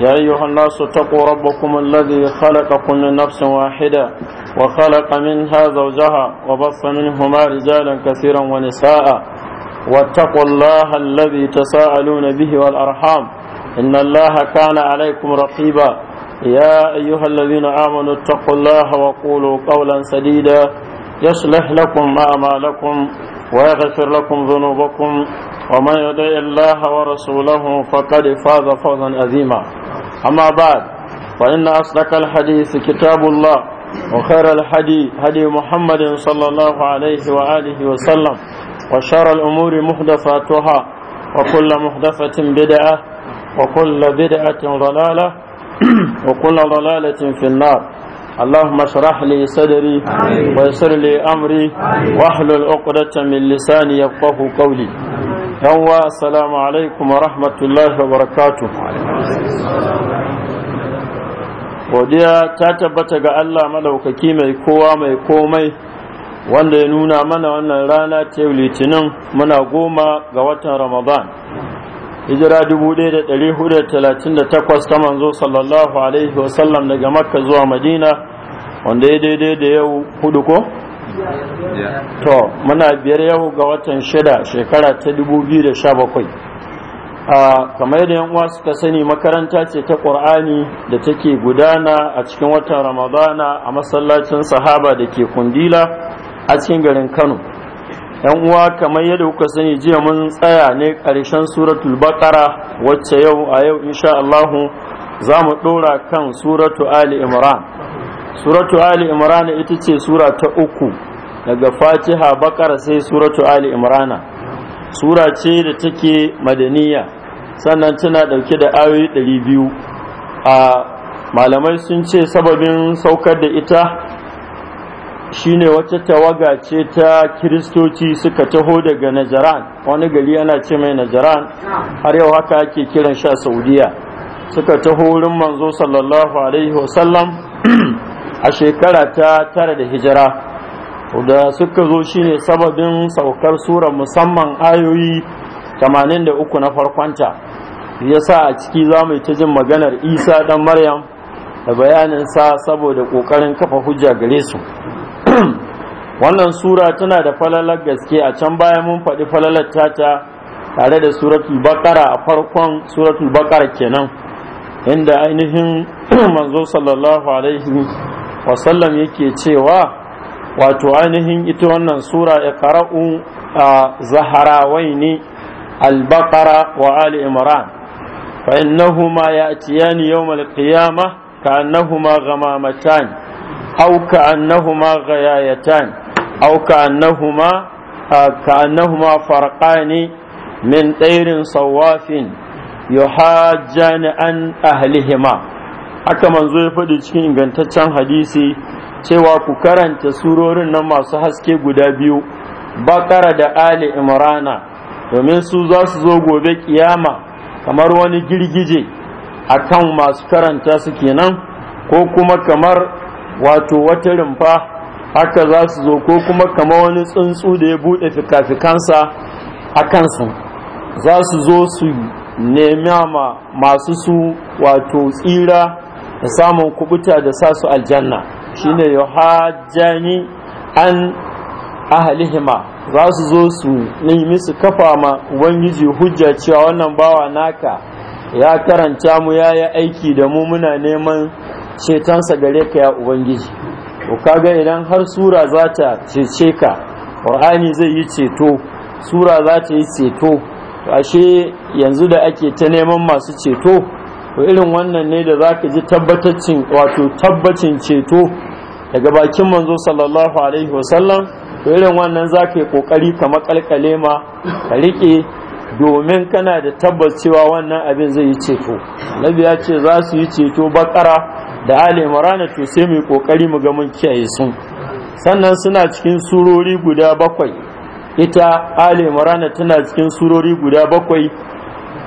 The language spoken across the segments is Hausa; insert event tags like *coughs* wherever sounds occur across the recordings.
يا أيها الناس اتقوا ربكم الذي خلقكم من نفس واحدة وخلق منها زوجها وبص منهما رجالا كثيرا ونساء واتقوا الله الذي تساءلون به والأرحام إن الله كان عليكم رقيبا يا أيها الذين آمنوا اتقوا الله وقولوا قولا سديدا يصلح لكم أعمالكم ويغفر لكم ذنوبكم ومن يدع الله ورسوله فقد فاز فوزا عظيما أما بعد فإن أصدق الحديث كتاب الله وخير الحدي هدي محمد صلى الله عليه وآله وسلم وشر الأمور محدثاتها وكل محدثة بدعة وكل بدعة ضلالة وكل ضلالة في النار اللهم اشرح لي صدري ويسر لي امري واحلل عقدة من لساني يفقه قولي يوا السلام عليكم ورحمة الله وبركاته godiya ta tabbata ga Allah madaukaki mai kowa mai komai wanda ya nuna mana wannan rana ta litinin muna goma ga watan ramadan hijira 1438 ta manzo sallallahu alaihi wasallam daga makka zuwa madina wanda ya daidai da yau hudu ko? to muna biyar yau ga watan shida shekara ta 2017 a kamar yadda yan uwa suka sani makaranta ce ta ƙur'ani da take gudana a cikin watan ramadana a masallacin sahaba da ke kundila a cikin garin kano yan uwa kamar yadda kuka sani jiya mun tsaya ne ƙarshen suratul baqara wacce yau a yau insha Allah za mu ɗora kan suratu ali imran suratu ali imran ita ce sura ta uku daga fatiha baƙara sai suratu ali Imran sura ce da take madaniya sannan tana ɗauke da ayoyi ɗari biyu a malamai sun ce sababin saukar da ita shine wata tawaga ce ta kiristoci suka taho daga najaran wani gari yana ce mai najaran har yau haka ake kiran sha saudiya suka taho wurin manzo sallallahu alaihi wasallam *clears throat* a shekara ta tara da hijira da suka zo shine sababin saukar sura musamman ayoyi 83 na farkonta yasa a ciki za mu ta jin maganar isa dan maryam da bayanin sa saboda kokarin kafa hujja gare su *clears throat* wannan sura tana da falalar gaske a can baya mun faɗi falalar tata tare da suratu bakara a farkon suratu bakara kenan inda ainihin *clears throat* manzo sallallahu alaihi wasallam yake cewa wato ainihin ita wannan sura ya kara'u a zaharawai ne albakara wa ali imran fa innahuma ya'tiyani yawmal qiyamah ka annahuma ghamamatan أو كأنهما غيايتان أو كأنهما كأنهما فرقان من طير صواف يحاجان عن أهلهما haka manzo ya faɗi cikin ingantaccen hadisi cewa ku karanta surorin nan masu haske guda biyu bakara da ali imrana domin su za su zo gobe kiyama kamar wani girgije akan masu karanta su kenan ko kuma kamar wato wata rumfa haka za su zo ko kuma kama wani tsuntsu da ya buɗe fikafikansa a kansu za su zo su nemi ma masu su wato tsira da samun kubuta da sa su aljanna shine Yahajani an ahalihima za su zo su nemi su kafa ma ubangiji hujja cewa wannan bawa naka ya karanta mu ya yi aiki da mu muna neman cetonsa gare ka ya ubangiji to kaga idan har sura za ta cece ka qur'ani zai yi ceto sura za ta yi ceto to ashe yanzu da ake ta neman masu ceto to irin wannan ne da za ka ji tabbataccin wato tabbacin ceto daga bakin manzo sallallahu alaihi wasallam to irin wannan za ka yi ƙoƙari ka makalkale ma ka riƙe domin kana da tabbacewa wannan abin zai yi ceto nabi ya ce za su yi ceto bakara da ali imran to sai mai kokari mu ga mun kiyaye su sannan suna cikin surori guda bakwai ita ali imran tana cikin surori guda bakwai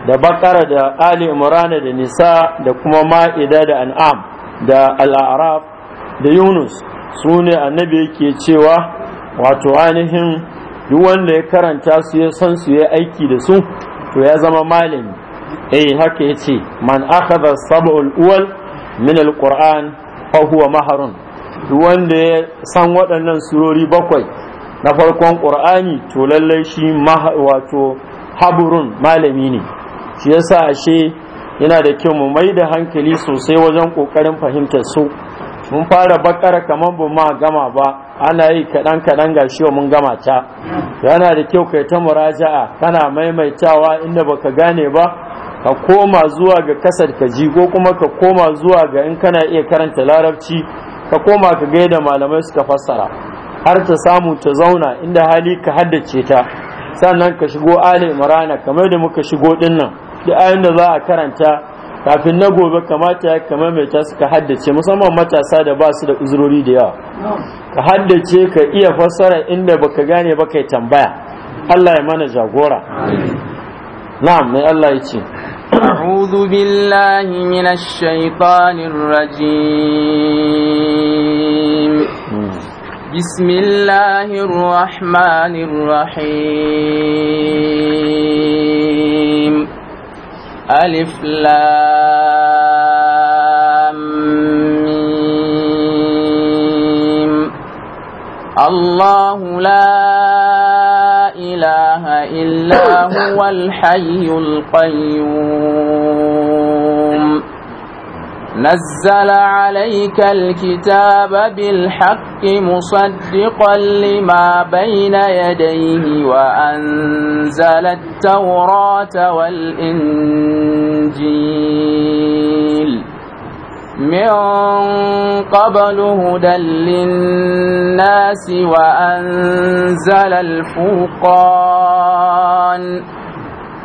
da bakara da ali imran da nisa da kuma ma'ida da an'am da al'araf da yunus su ne annabi yake cewa wato ainihin duk wanda ya karanta su ya san su ya aiki da su to ya zama malami eh haka yace man akhadha sab'ul uwal min alquran fa huwa maharun wanda ya san waɗannan surori bakwai na farkon qur'ani to lallai shi wato haburun malami ne shi yasa ashe yana da kyau mu mai da hankali sosai wajen kokarin fahimtar su mun fara bakara kamar ba ma gama ba ana yi kaɗan kaɗan ga shi mun gama ta yana da kyau kai ta muraja'a kana maimaitawa inda baka gane ba ka koma zuwa ga kasar ka ji ko kuma ka koma zuwa ga in kana iya karanta larabci ka koma ka gaida malamai suka fassara har ta samu ta zauna inda hali ka haddace ta sannan ka shigo ali imrana kamar da muka shigo din nan duk ayin da za a karanta kafin na gobe kamata ya kama mai ta suka haddace musamman matasa da ba su da uzurori da yawa ka haddace ka iya fassara inda baka gane ba kai tambaya Allah ya mana jagora نعم من الله يتي أعوذ بالله من الشيطان الرجيم بسم الله الرحمن الرحيم ألف لام ميم الله لا إله إلا هو الحي القيوم نزل عليك الكتاب بالحق مصدقا لما بين يديه وأنزل التوراة والإنجيل من قبل هدى للناس وأنزل الفوقان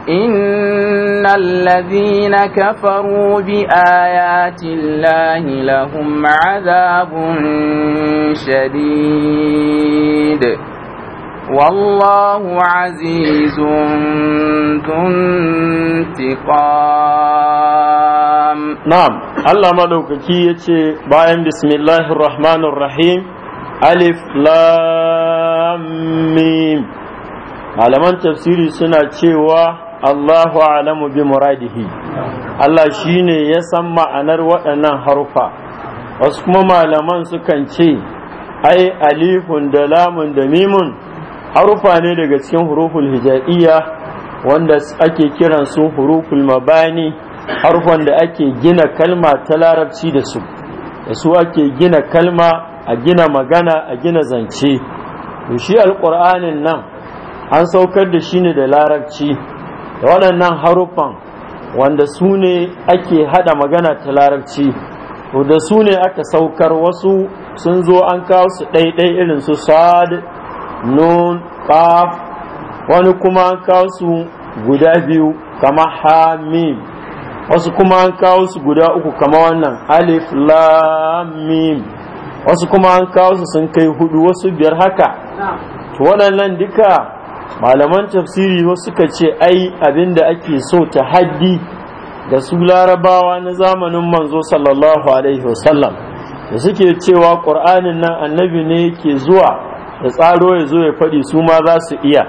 إن الذين كفروا بآيات الله لهم عذاب شديد والله عزيز ذو انتقام نعم Allah madaukaki ya ce bayan bismillahir rahmanir rahim alif lam mim malaman tafsiri suna cewa Allahu alamu bi muradihi Allah shine ya san ma'anar waɗannan harufa wasu kuma malaman sukan ce ai alifun da lamun da mimun harufa ne daga cikin huruful hija'iyya wanda ake kiran su huruful mabani harfan da ake gina kalma ta larabci da su da su ake gina kalma a gina magana a gina zance to shi alƙur'anin nan an saukar da shi ne da larabci da waɗannan harufan wanda su ne ake haɗa magana ta larabci to da su ne aka saukar wasu sun zo an kawo su ɗaiɗai irin su sad nun qaf wani kuma an kawo su guda biyu kamar hamim wasu kuma an kawo su guda uku kama wannan alif lam wasu kuma an kawo su sun kai hudu wasu biyar haka to waɗannan duka malaman tafsiri wasu suka ce ai abinda ake so ta haddi da su larabawa na zamanin manzo sallallahu alaihi wasallam da suke cewa ƙur'anin nan annabi ne yake zuwa da tsaro ya zo ya faɗi su ma za su iya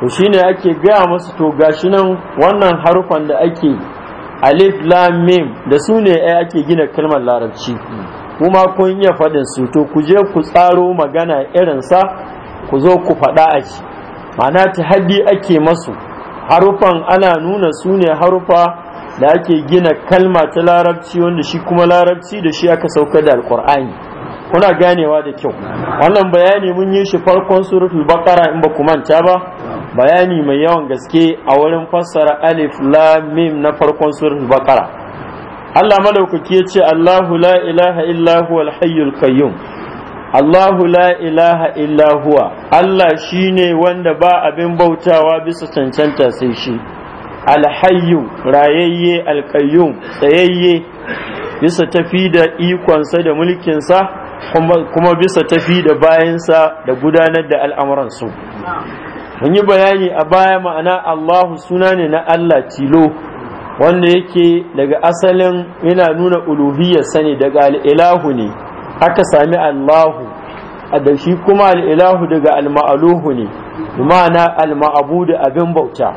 to shine ake gaya masu to gashi nan wannan harfan da ake alif lam mim da sune ne ai ake gina kalmar larabci kuma kun iya faɗin su to ku je ku tsaro magana irinsa ku zo ku faɗa a shi ma'ana haddi ake masu harufan ana nuna sune ne harufa da ake gina kalma ta larabci wanda shi kuma larabci da shi aka sauka da alkur'ani kuna ganewa da kyau wannan bayani mun yi shi farkon suratul baqara in ba ku manta ba bayani mai yawan gaske a wurin fassara alif lam mim na farkon suratul bakara Allah madaukaki ya ce Allahu la ilaha illa huwal hayyul qayyum Allahu la ilaha illa huwa Allah shine wanda ba abin bautawa bisa cancanta sai shi alhayyu rayayye al-qayyum tsayayye bisa tafi da ikonsa da mulkinsa kuma bisa tafi da bayansa da gudanar da al'amuransu mun yi bayani a baya ma'ana Allahu suna ne na Allah tilo wanda yake daga asalin yana nuna uluhiyar sani daga al'ilahu ne aka sami Allahu da shi kuma al'ilahu daga alma'aluhu ne ma'ana alma'abu da abin bauta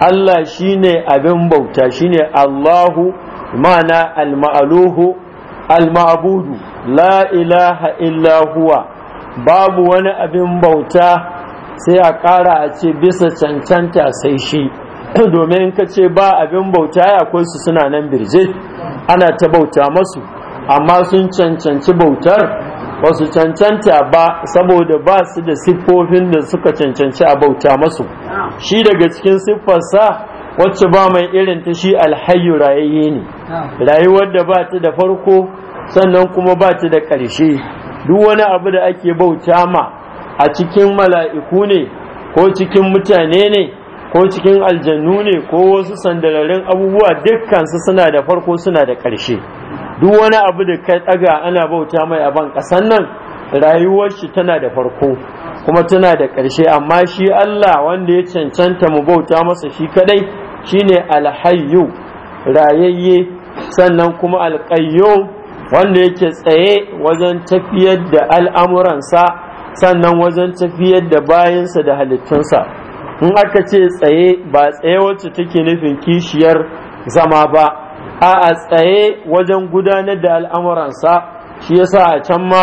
Allah shi ne abin bauta shi ne Allahu ma'ana alma'aluhu alma'abudu la ilaha illa huwa babu wani abin bauta sai a ƙara a ce bisa cancanta sai shi *coughs* domin ka ce ba abin bauta ya akwai su suna nan birje ana ta bauta masu amma sun cancanci bautar ba su cancanta ba saboda ba su da siffofin da suka cancanci a bauta masu shi daga cikin siffarsa wacce ba mai irin ta shi alhayu rayayye ne rayuwar da ba ta da farko sannan kuma ba ta da ƙarshe duk wani abu da ake bauta ma a cikin mala'iku ne ko cikin mutane ne ko cikin aljannu ne ko wasu sandararin abubuwa dukkansu suna da farko suna da ƙarshe duk wani abu da ka ɗaga ana bauta mai a ban ƙasan nan rayuwar shi tana da farko kuma tana da ƙarshe amma shi Allah wanda ya cancanta mu bauta masa shi kadai shine alhayyu rayayye sannan kuma alƙayyo wanda yake tsaye wajen tafiyar da al'amuransa sannan wajen tafiyar da bayansa da halittunsa in aka ce tsaye ba tsaye wacce take nufin kishiyar zama ba a a tsaye wajen gudanar da al'amuransa shi yasa a can ma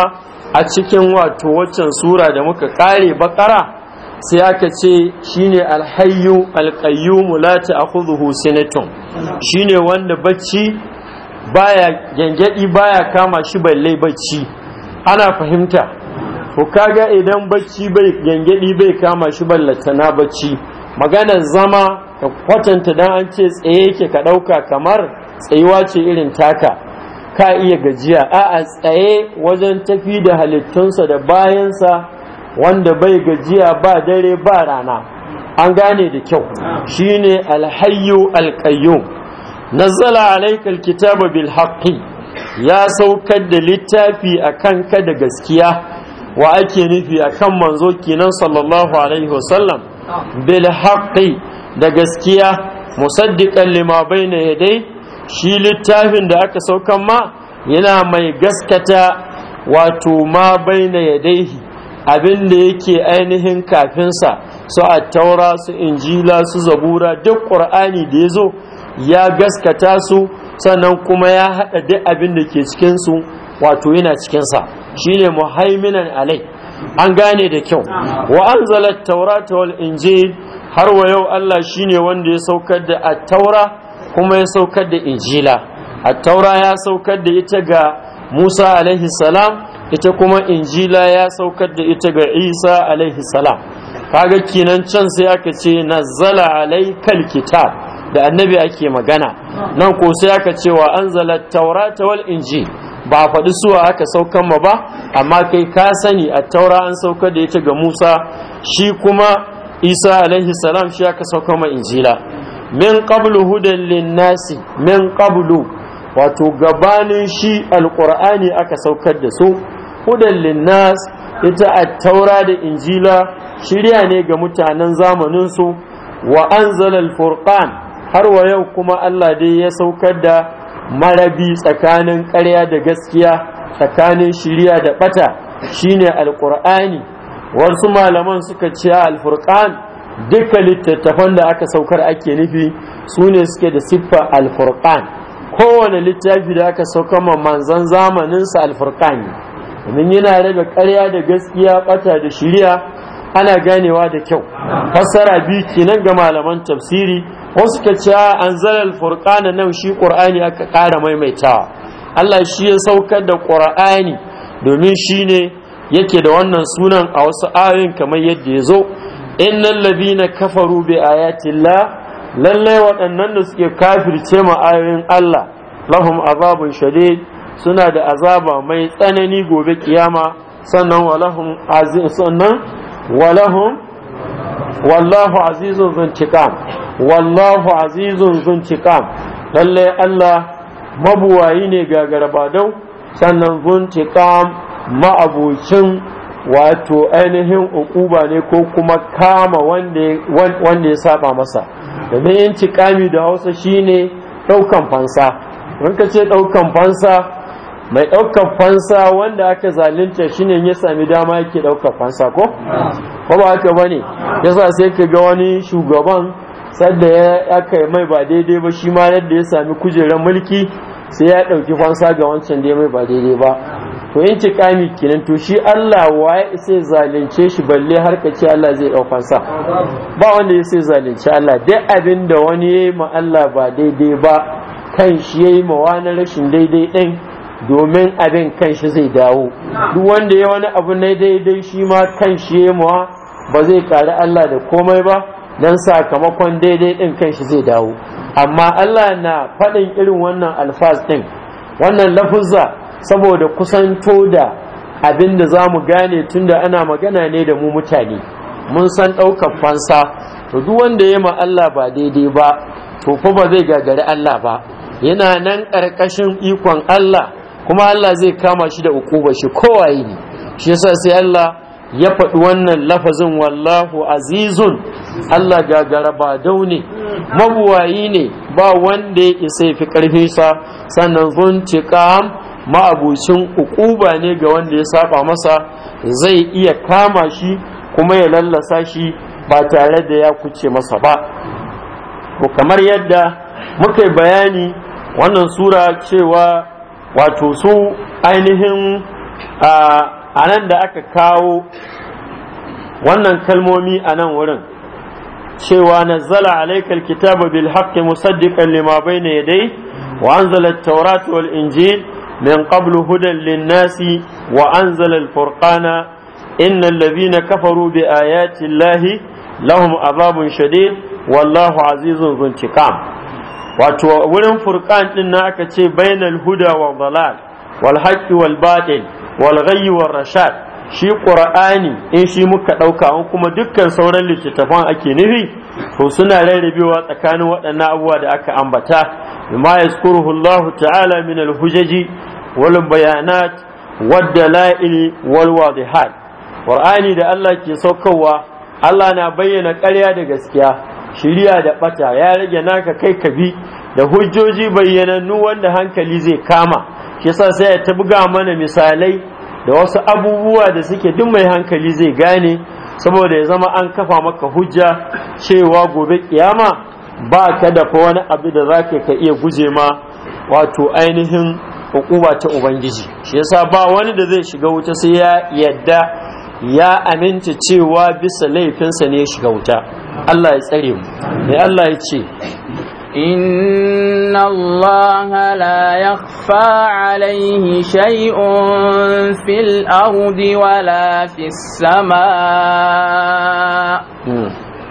a cikin wato waccan sura da muka kare bakara sai aka ce shine alhayyu alqayyumu la ta'khudhuhu sinatun shine wanda bacci baya gangadi baya kama shi balle bacci ana fahimta ko kaga idan bacci bai gangadi bai kama shi na bacci maganar zama ka kwatanta dan an ce tsaye yake ka ɗauka kamar tsayuwa ce irin taka ka iya gajiya a a tsaye wajen tafi da halittunsa da bayansa wanda bai gajiya ba dare ba rana an gane da kyau shine alhayyu alqayyum nazzala alaikal kitaba bil haqqi ya saukar da littafi a kanka da gaskiya wa ake nufi a kan manzo kinan sallallahu alaihi wasallam bil haqqi da gaskiya musaddiqan lima bayna yadai shi littafin da aka saukan ma yana mai gaskata wato ma bayna yadaihi abin da yake ainihin kafinsa su a taura su injila su zabura duk ƙur'ani da ya zo ya gaskata su sannan kuma ya haɗa duk abin da ke cikinsu wato yana cikinsa shine muhaiminan alai an gane da kyau wa anzalat taurata wal injil har wa yau Allah shine wanda ya saukar da at-taura kuma ya saukar da injila at-taura ya saukar da ita ga Musa alaihi salam ita kuma injila ya saukar da ita ga Isa alaihi salam kaga kenan can sai aka ce nazala alaikal kitab da annabi ake magana nan ko sai aka ce wa anzala taurata wal injil ba faɗi suwa aka saukan ma ba amma kai ka sani a taura an sauka da ita ga Musa shi kuma Isa alaihi salam shi aka sauka ma injila min qablu hudan nasi min qablu wato gabanin shi alqur'ani aka saukar da su hudan nas ita a taura da injila shirya ne ga mutanen zamanin su wa anzala alfurqan har wa yau kuma Allah dai ya saukar da marabi tsakanin ƙarya da gaskiya tsakanin shiriya da ɓata shine Alƙur'ani. wasu malaman suka ce alfurkan duka littattafan da aka saukar ake nufi su ne suke da siffa alfurkan kowane littafi da aka saukar ma manzan zamaninsa alfurkan domin yana raga ƙarya da gaskiya ɓata da shiriya ana ganewa da kyau fassara biyu kenan ga malaman tafsiri wasu ka ce an zalal furqana nan shi qur'ani aka ƙara maimaitawa Allah shi ya saukar da qur'ani domin shi ne yake da wannan sunan a wasu ayoyin kamar yadda ya zo In innal ladina kafaru bi ayatillah lallai waɗannan da suke kafirce ma ayoyin Allah lahum azabun shadid suna da azaba mai tsanani gobe kiyama sannan walahum sannan walahum wallahu azizun zuntiqam wallahu azizun zuntiqam lalle Allah mabuwayi ne ga gagarbadau sannan zuntiqam ma'abucin wato ainihin ukuba ne ko kuma kama wanda ya saba masa domin yin da hausa shine daukan fansa in ka ce daukan fansa mai ɗaukar fansa wanda aka zalunta shine ya sami dama yake ɗaukar fansa ko? ko ba haka ba ne yasa sai ka ga wani shugaban sadda ya aka mai ba daidai ba shi ma yadda ya sami kujerar mulki sai ya ɗauki fansa ga wancan da ya mai ba daidai ba to yin tikami kinan to shi Allah waye sai zalunce shi balle har ka ce Allah zai ɗau fansa ba wanda ya sai zalunce Allah duk abin da wani ya yi ma Allah ba daidai ba kan shi ya yi ma wani rashin daidai ɗin domin abin kanshi zai dawo duk wanda ya wani abu na daidai shi ma kanshi ya mawa ba zai kari Allah da komai ba don sakamakon daidai ɗin kanshi zai dawo amma Allah na faɗin irin wannan alfaz ɗin wannan lafuzza saboda kusanto da abin da za mu gane tunda ana magana ne da mu mutane mun san ɗaukar fansa to duk wanda ya ma Allah ba daidai ba to fa ba zai gagari Allah ba yana nan ƙarƙashin ikon Allah kuma Allah zai kama shi da ukuba shi kowaye ne shi yasa sai Allah ya faɗi wannan lafazin wallahu azizun Allah gagara ba daune mabuwayi ne ba wanda ya isa fi karfin sa sannan zuntiqam ma'abucin ukuba ne ga wanda ya saba masa zai iya kama shi kuma ya lallasa shi ba tare da ya kuce masa ba kamar yadda muka yi bayani wannan sura cewa wato su ainihin a nan da aka kawo wannan kalmomi a nan wurin cewa nazzala alaikal kitaba bil haqqi musaddiqan lima bayna yadayhi wa anzala at wal injil min qablu hudan lin-nasi wa anzala al-furqana innal ladhina kafaru bi ayati llahi lahum adhabun shadid wallahu azizu dhuntiqam wato wurin furqan din na aka ce bainal huda wa dalal wal haqqi wal batil wal ghayyi wal rashad shi qur'ani in shi muka dauka an kuma dukkan sauran littattafan ake nufi to suna rarrabewa tsakanin waɗannan abubuwa da aka ambata bima yaskuruhu Allah ta'ala min al hujaji wal bayanat wad dalail wal wadihat qur'ani da Allah ke saukarwa Allah na bayyana ƙarya da gaskiya shirya da ɓata ya rage naka kai ka bi da hujjoji bayyanannu wanda hankali zai kama shi sa sai ya ta buga mana misalai da wasu abubuwa da suke duk mai hankali zai gane saboda ya zama an kafa maka hujja cewa gobe kiyama ba ka dafa wani abu da zaka ka iya guje ma wato ainihin hukuma ta ubangiji shi yasa ba wani da zai shiga wuta sai ya yadda ya aminta cewa bisa laifinsa ne ya shiga wuta Allah ya tsare mu ne Allah ya ce inna Allah la yakhfa alayhi shay'un fil ardi wala fis samaa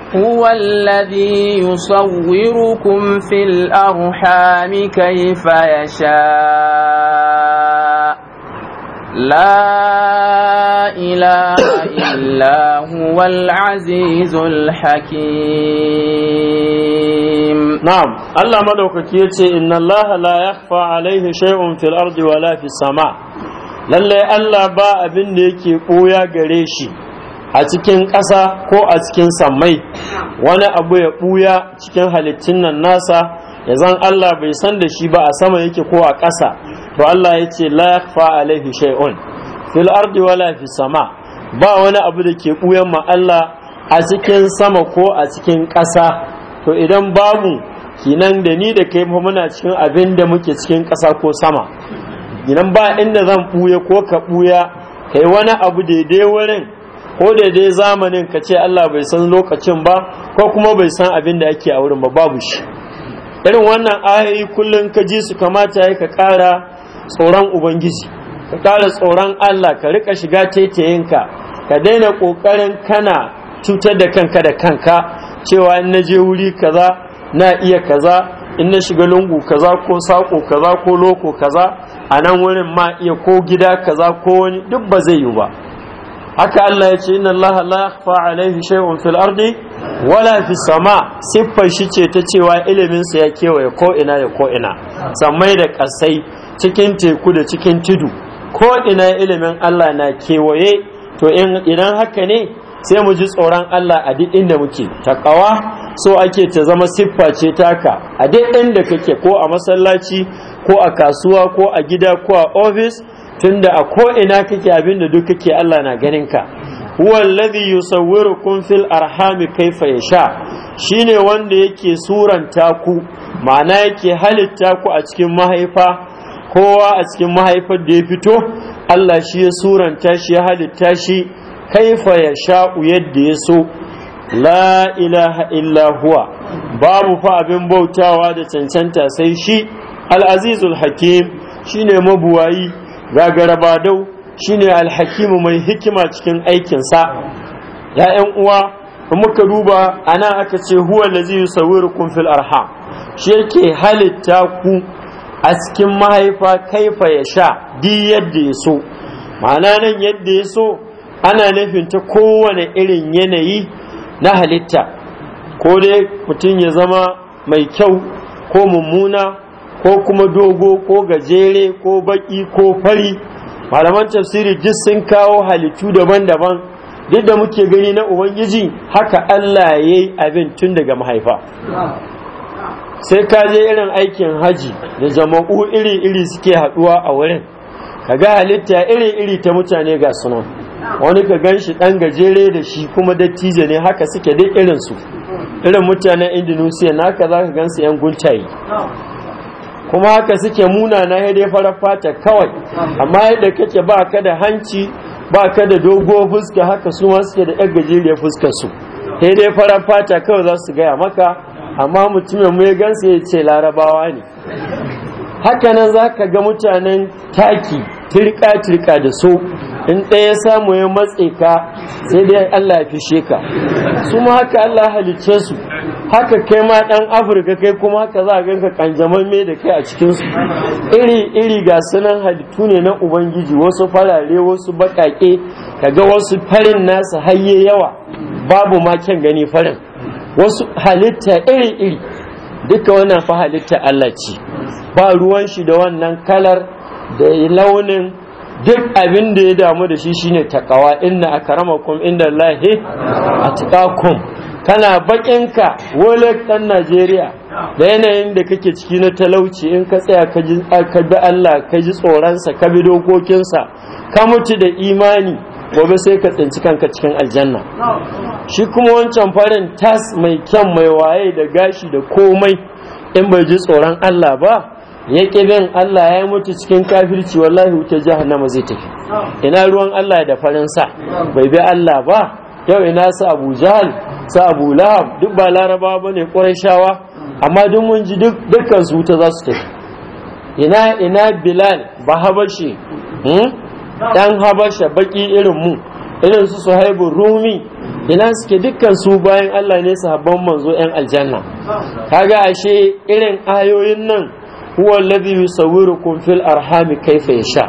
هو الذي يصوركم في لا إله إلا هو العزيز الحكيم نعم الله مدوك كيتي إن الله لا يخفى عليه شيء في الأرض ولا في السماء lallai Allah ba abin da yake ɓuya gare shi a cikin ƙasa ko a cikin sammai wani abu ya ɓuya cikin halittun nan nasa ya zan Allah bai san da shi ba a sama yake ko a ƙasa to Allah ya ce la yakfa alaihi shay'un fil ardi wala fi sama ba wani abu da ke buyan ma Allah a cikin sama ko a cikin ƙasa to idan babu kinan da ni da kai muna cikin abin da muke cikin ƙasa ko sama idan ba inda zan buya ko ka buya kai wani abu daidai wurin ko daidai zamanin ka ce Allah bai san lokacin ba ko kuma bai san abin da ake a wurin ba babu shi irin wannan ayoyi kullum ka ji su kamata ya ka ƙara tsoron ubangiji ka ƙara tsoron allah ka rika shiga taitayinka ka daina ƙoƙarin kana cutar da kanka da kanka cewa in na je wuri kaza na iya kaza in na shiga lungu kaza ko sako kaza ko loko kaza a nan wurin ma iya ko gida kaza ko wani duk ba zai yi ba haka Allah ya ce inna Allah la yakhfa alaihi shay'un fil ardi wala fi sama siffar shi ce ta cewa ilimin sa ya kewaye ko ina ya ko ina sammai da kasai cikin teku da cikin tudu ko ina ilimin Allah na kewaye to idan haka ne sai mu ji tsoron Allah a duk inda muke takawa so ake ta zama siffa ce taka a duk inda kake ko a masallaci ko a kasuwa ko a gida ko a ofis tunda a ko ina kake abin da duk kake Allah na ganin ka huwa alladhi yusawwirukum fil arhami kaifa yasha shine wanda yake suranta ku ma'ana yake halitta ku a cikin mahaifa kowa a cikin mahaifar da ya fito Allah shi ya suranta shi ya halitta shi kaifa ya sha'u yadda ya so la ilaha illa huwa babu fa abin bautawa da cancanta sai shi al'azizul hakim shine mabuwayi zaga shi shine alhakimu mai hikima cikin aikinsa ‘ya'yan uwa muka duba ana aka ce huwa lazi yusawwirukum fil arham shi yake halitta ku a cikin mahaifa kaifa ya sha di yadda ya so ma'ana nan yadda ya so ana nufin ta kowane irin yanayi na halitta ko dai mutum ya zama mai kyau ko mummuna ko kuma dogo ko gajere ko baki ko fari malaman tafsiri duk sun kawo halittu daban-daban duk da muke gani na ubangiji haka Allah ya yi abin tun daga mahaifa sai ka je irin aikin haji da jama'u iri-iri suke haɗuwa a wurin ka ga halitta iri-iri ta mutane ga sunan wani ka gan shi ɗan gajere da shi kuma dattijo ne haka suke duk irinsu irin mutanen indonesia naka za ka gan 'yan guntaye kuma haka suke munana ya dai farar fata kawai amma yadda kake ba ka da hanci ba ka da dogo fuska haka su ma suke da yan gajeriyar fuskar su ya dai fara fata kawai za su gaya maka amma mutumin mai gansu ya ce larabawa ne haka nan za ka ga mutanen taki tirka-tirka da so in ɗaya ya samu ya matse ka sai dai Allah ya fishe ka su ma haka Allah halicce su haka kai ma dan afirka kai kuma haka za a ganka kanjamamme da kai a cikinsu iri iri ga sunan halittu ne na ubangiji wasu farare wasu bakake kaga wasu farin nasu hayye yawa babu ma kyan gani farin wasu halitta iri iri duka wannan fa halitta Allah ce ba ruwan shi da wannan kalar da launin duk abin da ya damu da shi shine takawa inna akramakum inda lahi atqakum kana bakinka wolek ɗan najeriya da yanayin da kake ciki na talauci in ka tsaya ka bi allah ka ji tsoronsa ka bi dokokinsa ka mutu da imani gobe sai ka tsinci kanka cikin aljanna shi kuma wancan farin tas mai kyan mai waye da gashi da komai in bai ji tsoron allah ba ya bin Allah ya mutu cikin kafirci wallahi wuta jahannama zai tafi ina ruwan Allah da farinsa bai bi Allah ba yau ina su abu jahal su abu duk ba laraba ba ne shawa amma duk mun ji dukkan su wuta za su tafi ina ina bilal ba habashi hmm? dan habasha baƙi irin mu irin su suhaibu rumi ina suke dukkan su bayan allah ne sahabban manzo yan aljanna kaga ashe irin ayoyin nan huwa alladhi yusawwirukum fil arhami kaifa yasha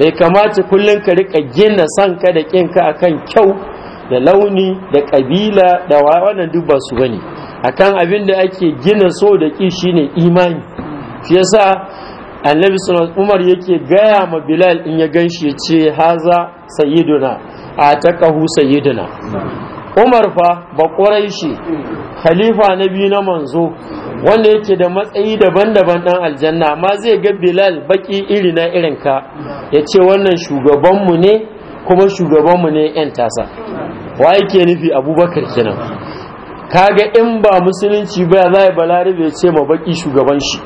bai kamata kullum ka rika gina sanka da kinka akan kyau da launi da ƙabila da wannan duk ba su bane akan abin da ake gina so da ki shine imani shi yasa annabi sallallahu umar yake gaya ma bilal in ya ganshi ya ce haza sayyiduna a takahu sayyiduna umar fa ba quraishi khalifa na biyu na manzo wanda yake da matsayi daban-daban ɗan aljanna amma zai ga bilal baki iri na irin ka ya ce wannan shugabanmu ne kuma shugabanmu ne 'yan tasa wa yake nufi abubakar kenan kaga in ba musulunci ba za ya bai ce ma baki shugaban shi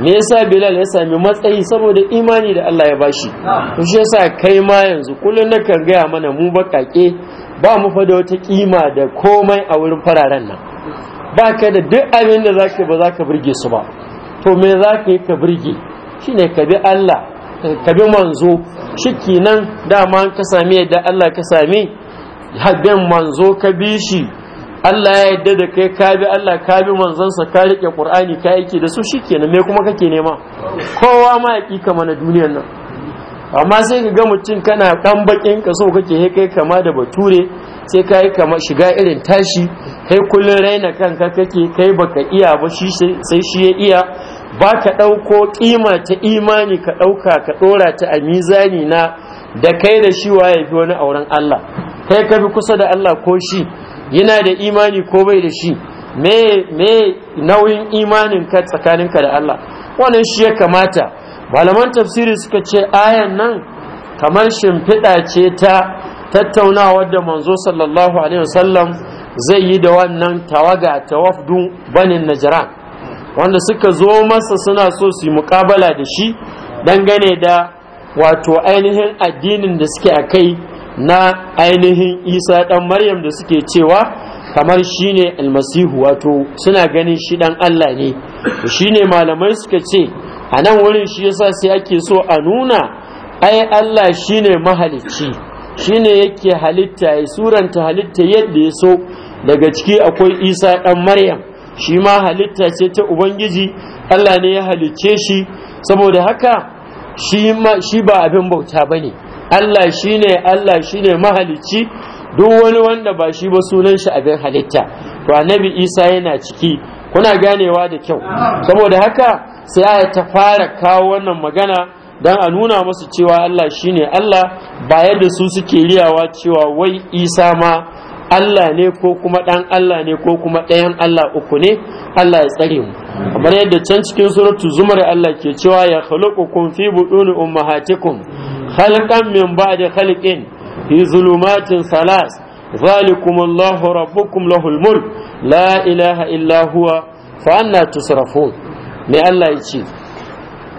me yasa bilal ya sami matsayi saboda imani da Allah ya bashi to shi yasa kai ma yanzu kullun kan gaya mana mu bakake ba mu fa da wata kima da komai a wurin fararen nan ba ka da duk abin da zaka ba zaka burge su ba to me zaka yi ka burge shine ka bi Allah ka bi manzo shikenan dama ka sami yadda Allah ka sami haben manzo ka bi shi Allah ya yadda da kai ka bi Allah ka bi sa, ka rike Qur'ani ka aiki da su shikenan me kuma kake nema kowa ma ya kama mana duniyar nan amma sai ka ga mutum kana dan bakin ka so kake he kai kama da bature sai ka yi kama shiga irin tashi kai kullun raina kanka kake kai baka iya ba shi sai shi ya iya ba ka ɗauko ƙima ta imani ka ɗauka ka ɗora ta a mizani na da kai da shi waye fi wani auren Allah kai ka fi kusa da Allah ko shi yana da imani ko bai da shi me nauyin imanin ka tsakaninka da Allah wannan shi ya kamata malaman tafsiri suka ce ayan nan kamar shimfiɗa ce ta tattaunawa da manzo sallallahu alaihi wasallam zai yi da wannan tawaga ta wafdu banin najran wanda suka zo masa suna so su yi muƙabala da shi dangane da wato ainihin addinin da suke a kai na ainihin isa ɗan maryam da suke cewa kamar shine almasihu wato suna ganin shi ɗan allah ne shine malamai suka ce a nan wurin shi yasa sai ake so a nuna ai allah shine mahalicci shine yake halitta ya suranta halitta yadda ya so daga ciki akwai isa ɗan maryam shi ma halitta ce ta ubangiji allah ne ya halicce shi saboda haka shi ba abin bauta ba ne Allah shine Allah shine mahalicci duk wani wanda ba shi ba sunan shi abin halitta to annabi Isa yana ciki kuna ganewa da kyau saboda haka sai aya ta fara kawo wannan magana dan a nuna musu cewa Allah shine Allah ba yadda su suke riyawa cewa wai Isa ma Allah ne ko kuma dan Allah ne ko kuma ɗayan Allah uku ne Allah ya tsare mu kamar yadda can cikin suratu zumar Allah ke cewa ya khalaqukum fi buduni ummahatikum khalqan min ba'di khalqin fi zulumatin salas ذلكم الله ربكم له الملك لا إله إلا هو فأنا تصرفون من الله يتشيد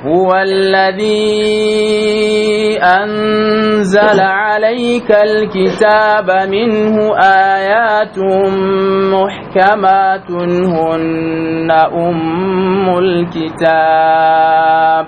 هو الذي أنزل عليك الكتاب منه آيات محكمات هن أم الكتاب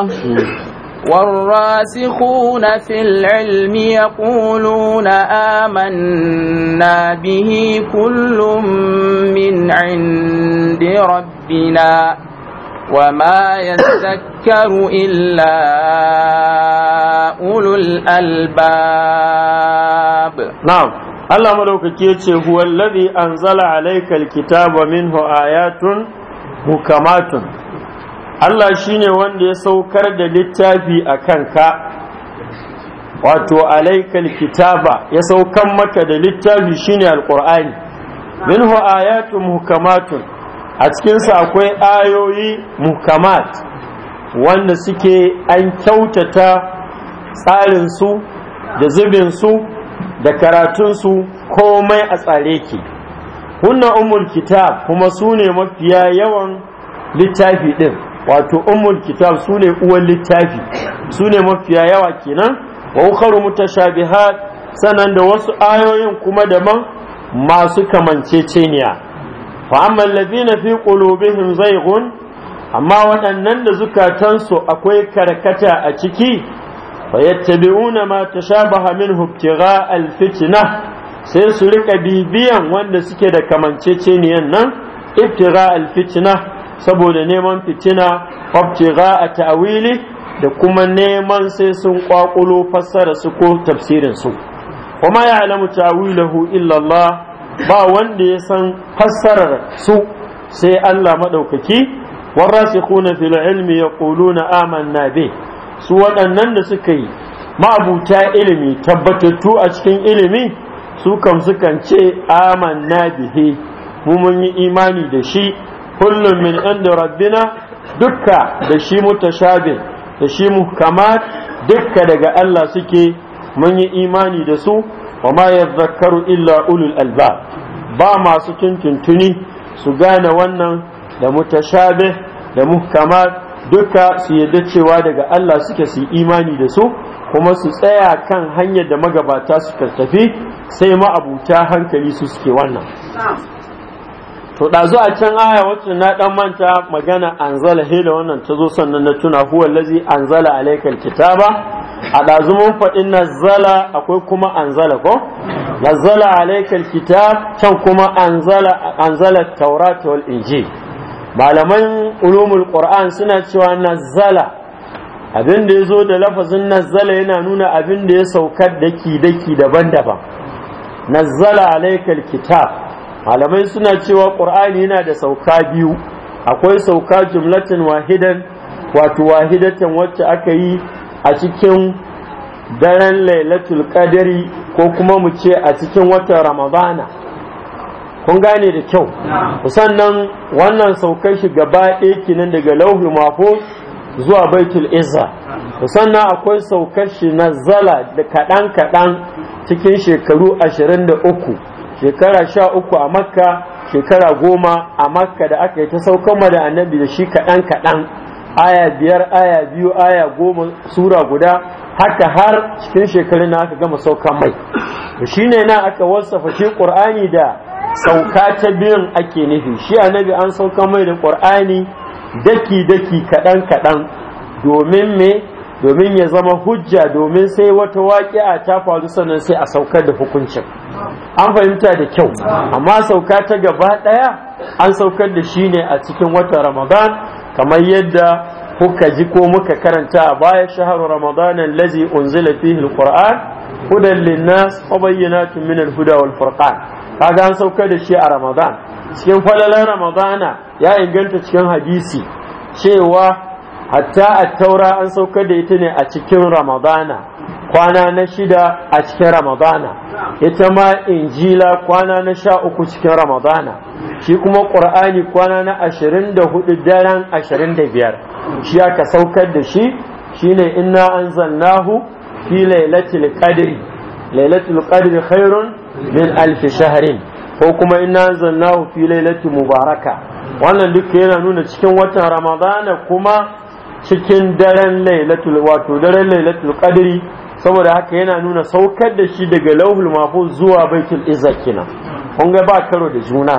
الله والراسخون في العلم يقولون آمنا به كل من عند ربنا وما يذكر إلا أولو الألباب نعم الله ملوك كيتي هو الذي أنزل عليك الكتاب ومنه آيات محكمات Allah shi ne wanda ya saukar da littafi a kanka wato alaikal kitaba ya saukan maka da littafi shine alqur'ani minhu ayatun muhkamatun a cikinsa akwai ayoyi muhkamat wanda suke an kyautata tsarinsu da zubinsu da karatunsu komai a tsare ki hunna umul kitab kuma su ne mafiya yawan littafi ɗin wato umul kitab sune ne uwan littafi sune mafiya yawa kenan wa ukharu mutashabihat sanan da wasu ayoyin kuma daban masu kamanceceniya fa amma alladhina fi qulubihim zaygun amma waɗannan da zukatansu akwai karkata a ciki fa yattabi'una ma tashabaha minhu ibtigha alfitna sai su rika bibiyan wanda suke da kamanceceniyan nan ibtigha alfitna saboda neman fitina wabtiga a ta'awili da kuma neman sai sun kwakulo fassara su ko tafsirin su kuma ya alamu ta'awilahu illallah ba wanda ya san fassarar su sai Allah maɗaukaki warasikhuna fil ilmi yaquluna na bih su waɗannan da suka yi ma'abuta ilimi tabbatattu a cikin ilimi su kam sukan ce amanna bihi mu mun yi imani da shi kullum min inda rabbina dukka da shi mutashabi da shi muhkamat dukka daga Allah suke mun yi imani da su wa ma yadhakkaru illa ulul alba, ba masu tuntuntuni su gane wannan da mutashabih da muhkamat duka su yadda cewa daga Allah suke su imani da su kuma su tsaya kan hanyar da magabata suka tafi sai abuta hankali su suke wannan to ɗazu a can aya wacce na ɗan manta magana anzala da wannan ta zo sannan na tuna huwa allazi anzala alaikal kitaba a ɗazu mun faɗi nazala akwai kuma anzala ko nazala alaikal kitab can kuma anzala anzala taurat wal injil malaman ulumul qur'an suna cewa nazala abin da ya da lafazin nazala yana nuna abin da ya saukar daki daki daban-daban nazala alaikal kitab malamai suna cewa ƙur'ani yana da sauka biyu akwai sauka jumlatin wahidan wato wahidatan wacce aka yi a cikin daren lailatul qadari ko kuma mu ce a cikin watan ramadana kun gane da kyau sannan wannan saukar shi gaba ɗaya kenan daga lauhi mafo zuwa baitul izza sannan akwai saukar shi na zala da kaɗan-kaɗan cikin shekaru ashirin da uku shekara sha uku a makka shekara goma a makka da aka yi ta saukan da annabi da shi kaɗan kaɗan aya biyar aya biyu aya goma sura guda haka har cikin shekarun na aka gama saukan mai shi ne na aka wasafa shi ƙur'ani da sauka ta biyun ake nufi shi annabi an sauka mai da ƙur'ani daki daki kaɗan kaɗan domin me domin ya zama hujja domin sai wata a ta faru sannan sai a saukar da hukuncin an fahimta da kyau amma sauka ta gaba ɗaya an saukar da shi ne a cikin watan ramadan kamar yadda kuka ji ko muka karanta a baya shahar ramadan lazi unzila fihi alquran hudan linnas wa bayyinatun min alhuda wal furqan kaga an saukar da shi a ramadan cikin falalan ramadana ya inganta cikin hadisi cewa hatta taura an saukar da ita ne a cikin ramadana kwana na shida a cikin ramadana ita ma injila kwana na sha uku cikin ramadana shi kuma ƙur'ani kwana na ashirin da hudu daren ashirin da biyar shi aka saukar da shi shine inna anzalnahu fi lailatul qadri lailatul qadri khairun min alf shahrin ko kuma inna anzalnahu fi lailatul mubaraka wannan duk yana nuna cikin watan ramadana kuma cikin daren lailatul wato daren lailatul qadri saboda haka yana nuna saukar da shi daga lauhul mahfuz zuwa baitul izakina. kun ga ba karo da juna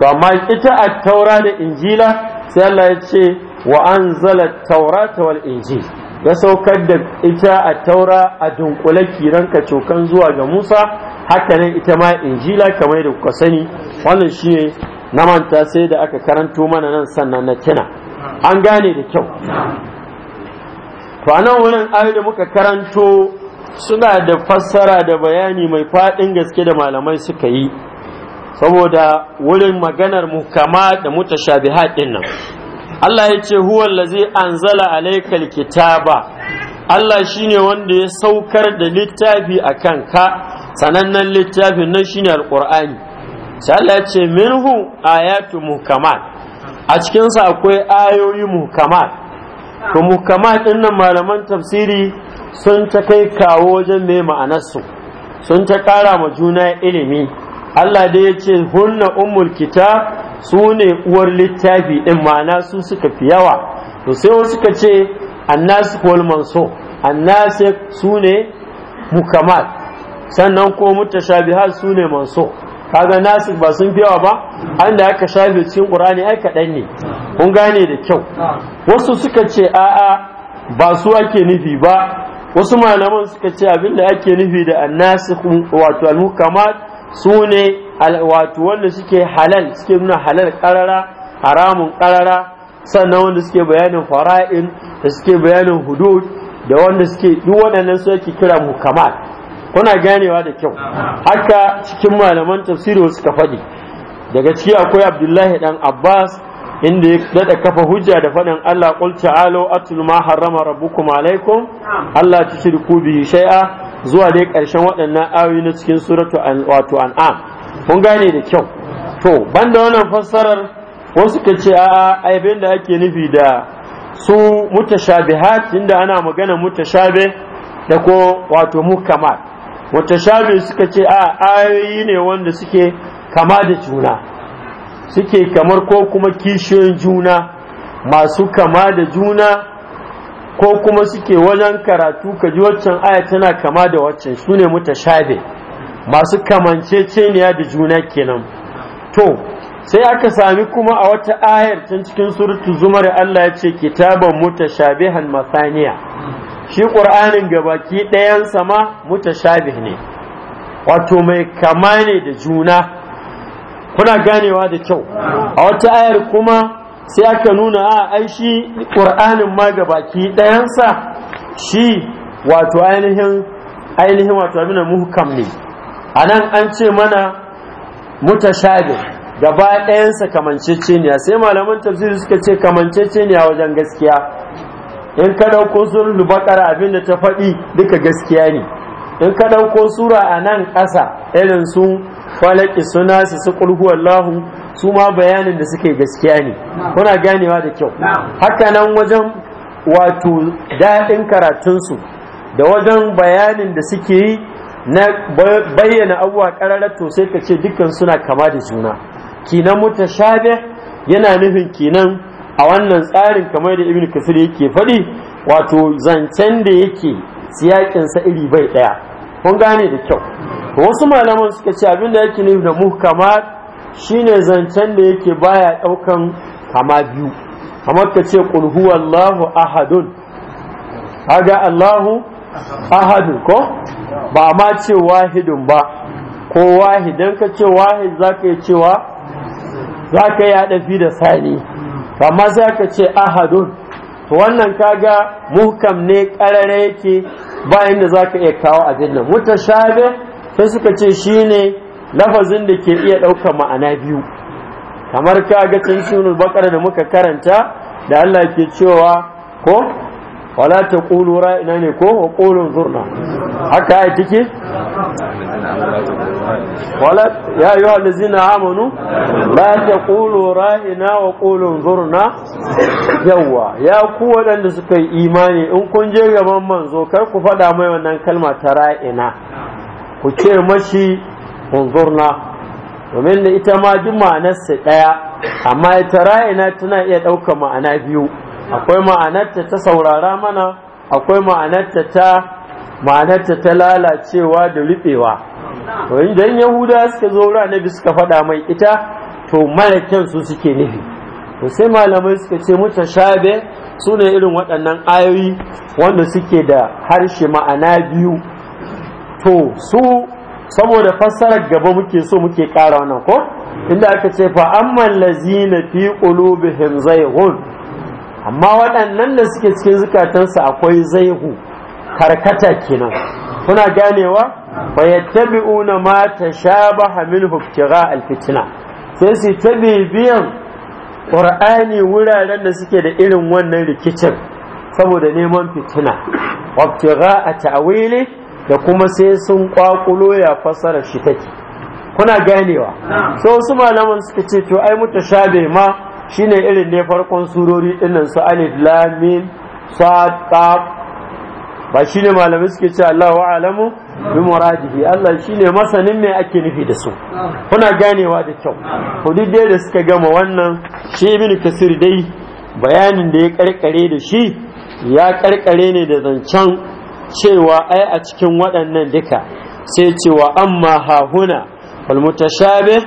to amma ita at-taura da injila sai Allah ya ce wa anzala at-taurata wal injil ya saukar da ita at-taura a dunkule kiran ka cokan zuwa ga Musa haka nan ita ma injila kamar da kuka sani wannan shine na manta sai da aka karanto mana nan sannan na tuna an gane da kyau to anan wurin ayoyi da muka karanto suna da fassara da bayani mai faɗin gaske da malamai suka yi saboda wurin maganar muhkama da mutashabihat din nan Allah ya ce huwal lazi anzala alaykal kitaba Allah shine wanda ya saukar da littafi akan ka sanannen littafin nan shine alqur'ani sai Allah ya ce minhu ayatu muhkamat a cikinsa akwai ayoyi muhkamat to muhkamat din nan malaman tafsiri sun ta kai kawo wajen mai ma'anarsu sun ta ƙara ma juna ilimi Allah da ya ce hunna ummul kitab su ne uwar littafi ɗin ma'ana su suka fi yawa to sai wasu suka ce annas wal manso annas su ne mukamal sannan ko mutashabihat su ne manso kaga nasik ba sun fi yawa ba an da aka shafe cikin qur'ani ai kaɗan ne kun gane da kyau wasu suka ce a'a ba su ake nufi ba wasu malaman suka ce abin da ake nufi da annasikh wato al-hukamat su ne wato wanda suke halal suke nuna halal karara haramun karara sannan wanda suke bayanin fara'in da suke bayanin hudud da wanda suke duk waɗannan su ake kira mukamat kuna ganewa da kyau haka cikin malaman tafsiri suka faɗi daga ciki akwai abdullahi ɗan abbas inda ya daɗa kafa hujja da faɗin Allah qul alo atul ma harrama rabbukum alaikum Allah tushriku biyu shay'a zuwa dai ƙarshen waɗannan ayoyi na cikin suratu wato an'am kun gane da kyau to banda wannan fassarar wasu ka ce a aibin da ake nufi da su mutashabihat inda ana magana mutashabe da ko wato mukamal wata shabe suka ce a ayoyi ne wanda suke kama da juna suke kamar ko kuma kishiyoyin juna masu kama da juna ko kuma suke wajen karatu ka ji waccan aya tana kama da waccan su ne muta shabe masu kamanceceniya da juna kenan to sai aka sami kuma a wata ayar can cikin surutu zumar Allah ya ce kitaban mutashabihan masaniya shi ƙur'anin gabaki ɗayan sama mutashabih ne wato mai kama ne da juna kuna ganewa da kyau a wata ayar kuma sai aka nuna a ai shi ƙur'anin ma gabaki ɗayansa shi wato ainihin ainihin wato abin muhkam ne a nan an ce mana mutashabih gaba ɗayansa kamanceceniya sai malaman tafsiri suka ce kamanceceniya wajen gaskiya in ka ɗauko suratul bakara abin da ta faɗi duka gaskiya ne in ka ɗauko sura a nan ƙasa irin su falaki suna su su wallahu su ma bayanin da suke gaskiya ne kuna ganewa da kyau haka nan wajen wato daɗin karatunsu da wajen bayanin da suke yi na bayyana abubuwa ƙararar to sai ka ce dukkan suna kama da juna kinan mutashabih yana nufin kinan a wannan tsarin kamar da ibn kasir yake faɗi wato zancen da yake siyakinsa iri bai ɗaya kun gane da kyau wasu malaman suka ce abin da yake nufi da muhkamat shine zancen da yake baya ɗaukan kama biyu kamar ka ce qul huwallahu ahadun haga allahu ahadun ko ba ma ce wahidun ba ko wahidan ka ce wahid zaka yi cewa zaka yi fi da sani amma za ka ce ahadun to wannan kaga muhkam ne karare yake ba inda za ka iya kawo adilla mutashabe sai suka ce shine lafazin da ke iya ɗaukar ma'ana biyu kamar kaga can sunul bakara da muka karanta da Allah ke cewa ko wala ta ƙulu ra'ina ne ko wa ƙulun zurna haka ya tike wala ya yi wa na amanu la ta ƙulu ra'ina wa ƙulun zurna yawa ya ku waɗanda suka yi imani in kun je gaban manzo kar ku faɗa mai wannan kalma ta ra'ina ku ce mashi unzurna domin da ita ma duk ma'anarsa ɗaya amma ita ra'ina tana iya ɗaukar ma'ana biyu akwai ma'anarta ta saurara mana akwai ma'anarta ta ma'anarta ta lalacewa da ruɓewa. to idan yahuda suka zo ranabi suka faɗa mai ita to malakin su suke nufi to sai malamai suka ce muta shabe su ne irin waɗannan ayoyi wanda suke da harshe ma'ana biyu to su saboda fassarar gaba muke so muke ƙara wannan ko inda aka ce fa amman lazina fi qulubihim zayghun amma waɗannan da suke cikin zukatansa akwai zaihu karkata kenan kuna ganewa wa yattabi'una ma tashabaha minhu ibtigha alfitna sai su tabi biyan qur'ani wuraren da suke da irin wannan rikicin saboda neman fitina wa a ta'wili da kuma sai sun kwakulo ya fasara shi take kuna ganewa so su malaman suka ce to ai mutashabe ma shine irin ne farkon surori dinnan su alif lam mim sad qaf ba shine malamai suke ce Allahu a'lamu bi muradihi Allah shine masanin me ake nufi da su kuna ganewa da kyau ko duk da suka gama wannan shi ibn kasir dai bayanin da ya karkare da shi ya karkare ne da zancen cewa ai a cikin waɗannan duka sai cewa amma hahuna wal mutashabih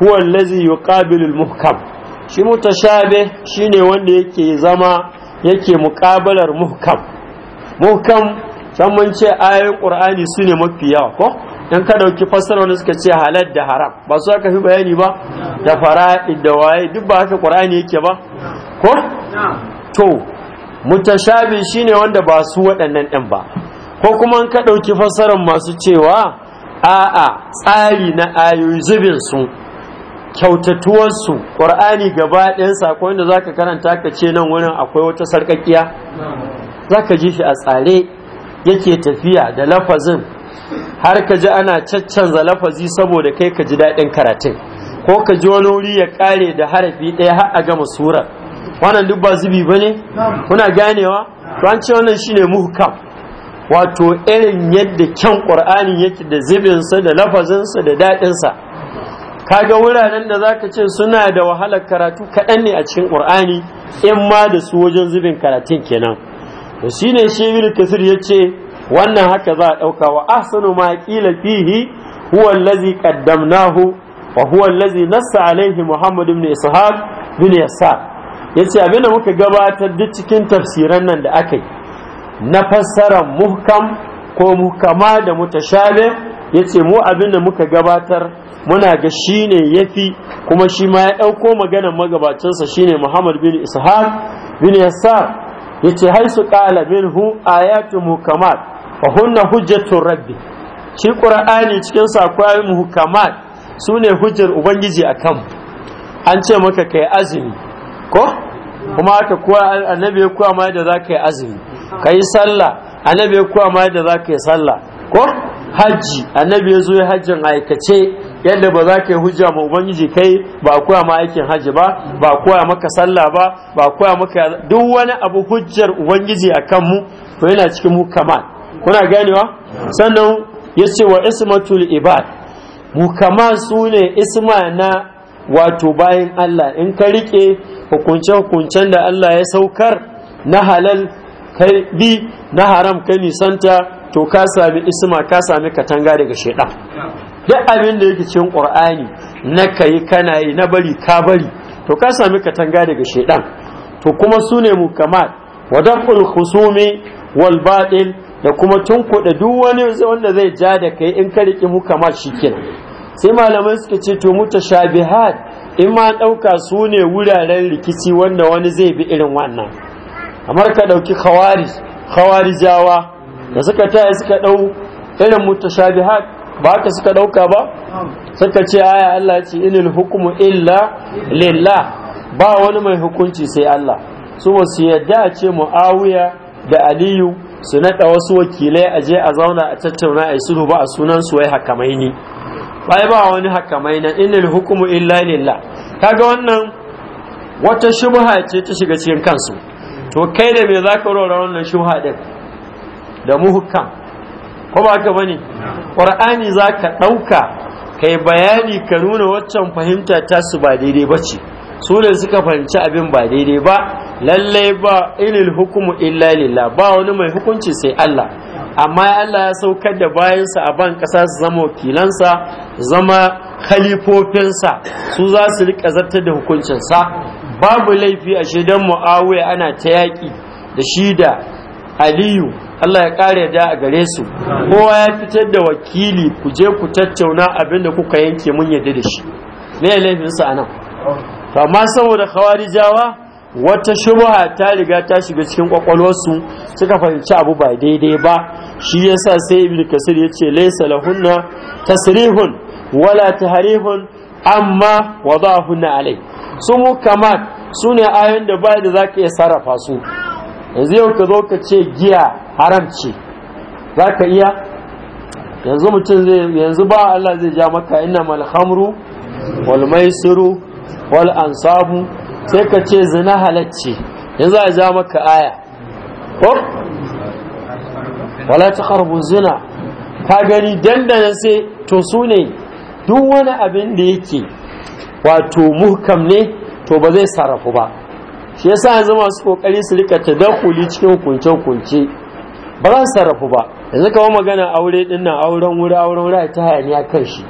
huwa allazi yuqabilu al muhkam shi mutashabe shine wanda yake zama yake mukabalar muhkam muhkam can mun ce ayoyin qur'ani su ne mafi yawa ko in ka dauki fassara wanda suka ce halal da haram ba su aka fi bayani ba da fara'id da waye duk ba haka qur'ani yake ba ko to mutashabi shine wanda ba su waɗannan ɗin ba ko kuma in ka dauki fassara masu cewa a'a tsari na ayoyi zubin su kyautatuwarsu ƙwar'ani gaba ɗayan sakon da zaka karanta ka ce nan wurin akwai wata sarƙaƙiya zaka ji shi a tsare yake tafiya da lafazin har ka ji ana caccanza lafazi saboda kai ka ji daɗin karatun ko ka ji wani wuri ya ƙare da harafi ɗaya har a gama surar wannan duk ba zubi ba ne kuna ganewa to an ce wannan shine muhkam wato irin yadda kyan ƙur'ani yake da zubinsa da lafazinsa da daɗinsa kaga wuraren da zaka ce suna da wahalar karatu kaɗan ne a cikin ƙur'ani in ma da su wajen zubin karatun kenan to shine shebir kasir yace wannan haka za a ɗauka wa ahsanu ma qila fihi huwa allazi qaddamnahu wa huwa allazi nassa alaihi muhammad ibn ishaq bin yasar yace abin da muka gabatar duk cikin tafsiran nan da aka yi na fassara muhkam ko muhkama da mutashabih yace mu abin da muka gabatar muna ga shi ne ya fi kuma shi ma ya ɗauko maganar magabacinsa shi ne Muhammad bin Ishaq bin Yassar ce haisu qala hu, ayatu muhkamat wa hunna hujjatun rabbi shi ƙura'ani cikin sa akwai su sune hujjar ubangiji a kan. an ce maka kai azumi ko kuma haka kuwa annabi ya kuwa ma da za ka yi azumi ka yi sallah annabi ya kuwa ma da za ka yi sallah ko hajji annabi ya zo ya hajjin aikace yadda ba za ka yi hujja ma ubangiji kai ba koya ma aikin hajji ba ba koya maka sallah ba ba koya maka duk wani abu hujjar ubangiji a kanmu to yana cikin mu kamal kuna ganewa sannan ya ce wa ismatul ibad mu kamal su ne isma na wato bayan Allah in ka rike hukunce-hukuncen da Allah ya saukar na halal kai bi na haram ka nisanta to ka sami isma ka sami katanga daga shaidan duk abin da yake cikin qur'ani na kai kana yi na bari ka bari to ka sami katanga daga shaidan to kuma su ne kamar wa daf'ul khusumi wal batil da kuma tunkuɗe duk wani wanda zai ja da kai in ka riƙe mukamat kenan sai malamai suka ce to mutashabihat in ma ɗauka sune ne wuraren rikici wanda wani zai bi irin wannan kamar ka ɗauki khawarij khawarijawa da suka taya suka ɗau irin mutashabihat ba haka suka ɗauka ba suka ce aya Allah ce inil hukumu illa lillah ba wani mai hukunci sai Allah su ba su yadda a ce mu'awiya da aliyu su naɗa wasu wakilai a je a zauna a tattauna a yi sulhu ba a sunan su wai hakamai ne bai ba wani hakamai na inil hukumu illa lillah kaga wannan wata shubha ce ta shiga cikin kansu to kai da me zaka rora wannan shubha din da muhukam? ko ba haka bane qur'ani zaka dauka kai bayani ka nuna waccan fahimta ta su ba daidai bace su ne suka fahimci abin ba daidai ba lallai ba ilil hukumu illa lillah ba wani mai hukunci sai Allah amma Allah ya saukar da bayansa a ban ƙasa su zama wakilansa zama khalifofinsa su za su rika zartar da hukuncin sa babu laifi a shaidan mu'awiya ana ta yaki, da shi da aliyu Allah ya kare da a gare su kowa ya fitar da wakili ku je ku tattauna abin da kuka yanke mun yadda da shi me ya laifin sa anan to amma saboda khawarijawa wata shubha ta riga ta shiga cikin kwakwalwarsu suka fahimci abu ba daidai ba shi yasa sai ibnu kasir yace laysa lahunna tasrihun wala tahrihun amma wadahunna alai su mukamat su ne ayoyin da ba da zaka iya sarrafa su yanzu yau ka zo ka ce giya haram ce za ka iya yanzu mutum zai yanzu ba Allah zai ja maka ina malhamru wal maisiru wal ansabu sai ka ce zina halacce yanzu a ja maka aya ko wala ta zina ka gani dandana sai to su ne duk wani abin da yake wato muhkam ne to ba zai sarrafu ba shi yasa yanzu masu kokari su rika tadakkuli cikin hukunce hukunce. ba za su sarrafu ba yanzu kawo magana aure din nan auren wuri auren wuri ta hayaniya kan shi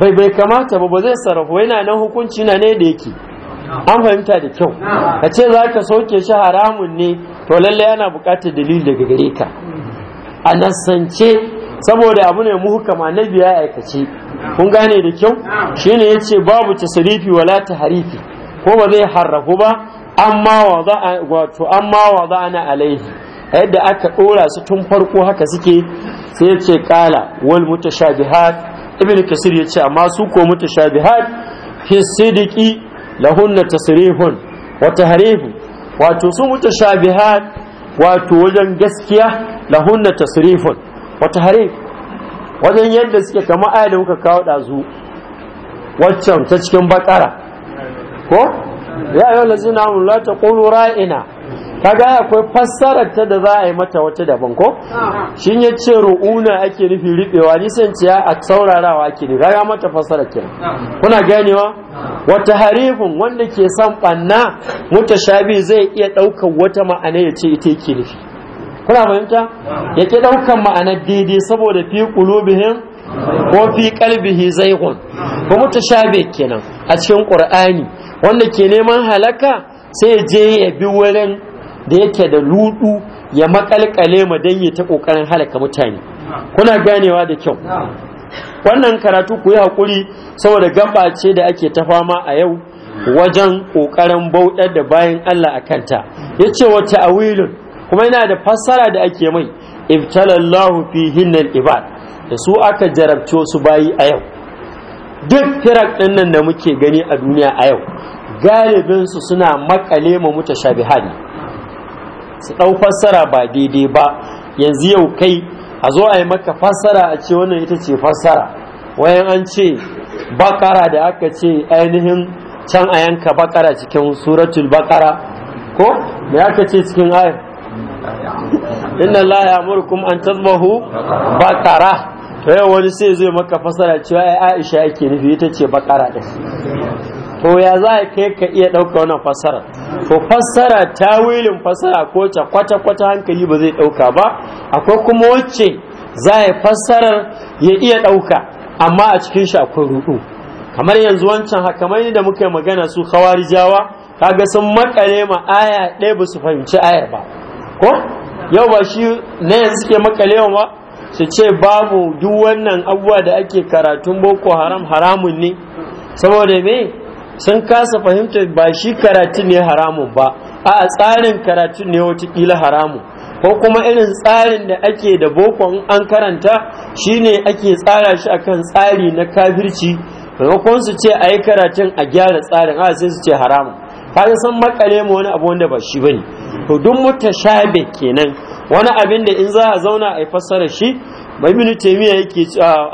bai bai kamata ba ba zai sarrafu yana nan hukunci na ne da yake an fahimta da kyau a ce za ka soke shi haramun ne to lallai yana buƙatar dalili daga gare ka a nasance saboda abu ne muhukama na biya aikace kun gane da kyau shi ne ya ce babu ta sarifi wala harifi, ko ba zai harrafu ba amma wa za ana alaihi yadda aka ɗora su tun farko haka suke sai ya ce ƙala wal mutashabihat ibn kasir ya ce amma su ko mutashabihat fi sidiki lahunna tasrihun wa tahrifu wato su mutashabihat wato wajen gaskiya lahunna tasrihun wa tahrif wajen yadda suke kama aya da muka kawo ɗazu waccan ta cikin bakara ko ya ayyuhallazina amanu la taqulu ra'ina kaga akwai fassarar ta da za a yi mata wata daban ko shin ya ce ru'una ake nufi riɓewa nisan ciya a saurarawa ake ne kaga mata fassarar kenan kuna ganewa wata harifin wanda ke son ɓanna mutashabi zai iya daukar wata ma'ana ya ce ita yake nufi kuna fahimta ya ke ɗaukar ma'ana daidai saboda fi qulubihim ko fi qalbihi zaiqun ko mutashabi kenan a cikin qur'ani wanda ke neman halaka sai je ya bi wurin da yake da ludu ya makalkale mu dan ya ta kokarin halaka mutane kuna ganewa da kyau wannan karatu ku yi hakuri saboda gamba ce da ake ta fama a yau wajen kokarin bautar da bayan Allah a kanta yace wata awilun kuma yana da fassara da ake mai ibtalallahu fi al-ibad da su aka jarabci wasu bayi a yau duk firak ɗin nan da muke gani a duniya a yau galibinsu suna makale ma mutashabihani su ɗau fassara ba daidai ba yanzu yau kai a zo a yi maka fassara a ce wannan ita ce fassara wayan an ce bakara da aka ce ainihin can a yanka bakara cikin suratul bakara ko me aka ce cikin ayar inna la ya'murukum an tadbahu bakara to yau wani sai zai maka fassara cewa ai Aisha yake nufi ita ce bakara shi. to ya za a kai ka iya ɗauka wannan fassara to fassara ta wilin fassara ko ta kwata-kwata hankali ba zai ɗauka ba akwai kuma wacce za a fassarar ya iya ɗauka amma a cikin shi akwai ruɗu kamar yanzu wancan hakamai da muka yi magana su khawarijawa kaga sun makale ma aya ɗaya ba su fahimci ayar ba ko yau ba shi na yanzu suke makale ba su ce babu duk wannan abubuwa da ake karatun boko haram haramun ne saboda me sun kasa fahimta ba shi karatu ne haramun ba a tsarin karatu ne watakila haramun ko kuma irin tsarin da ake da boko in an karanta shine ake tsara shi akan tsari na kafirci maimakon su ce a yi karatun a gyara tsarin a sai su ce haramun kaga san makale mu wani abu wanda ba shi bane to duk mutashabe kenan wani abin da in za a zauna a yi fassara shi ibnu taymiya yake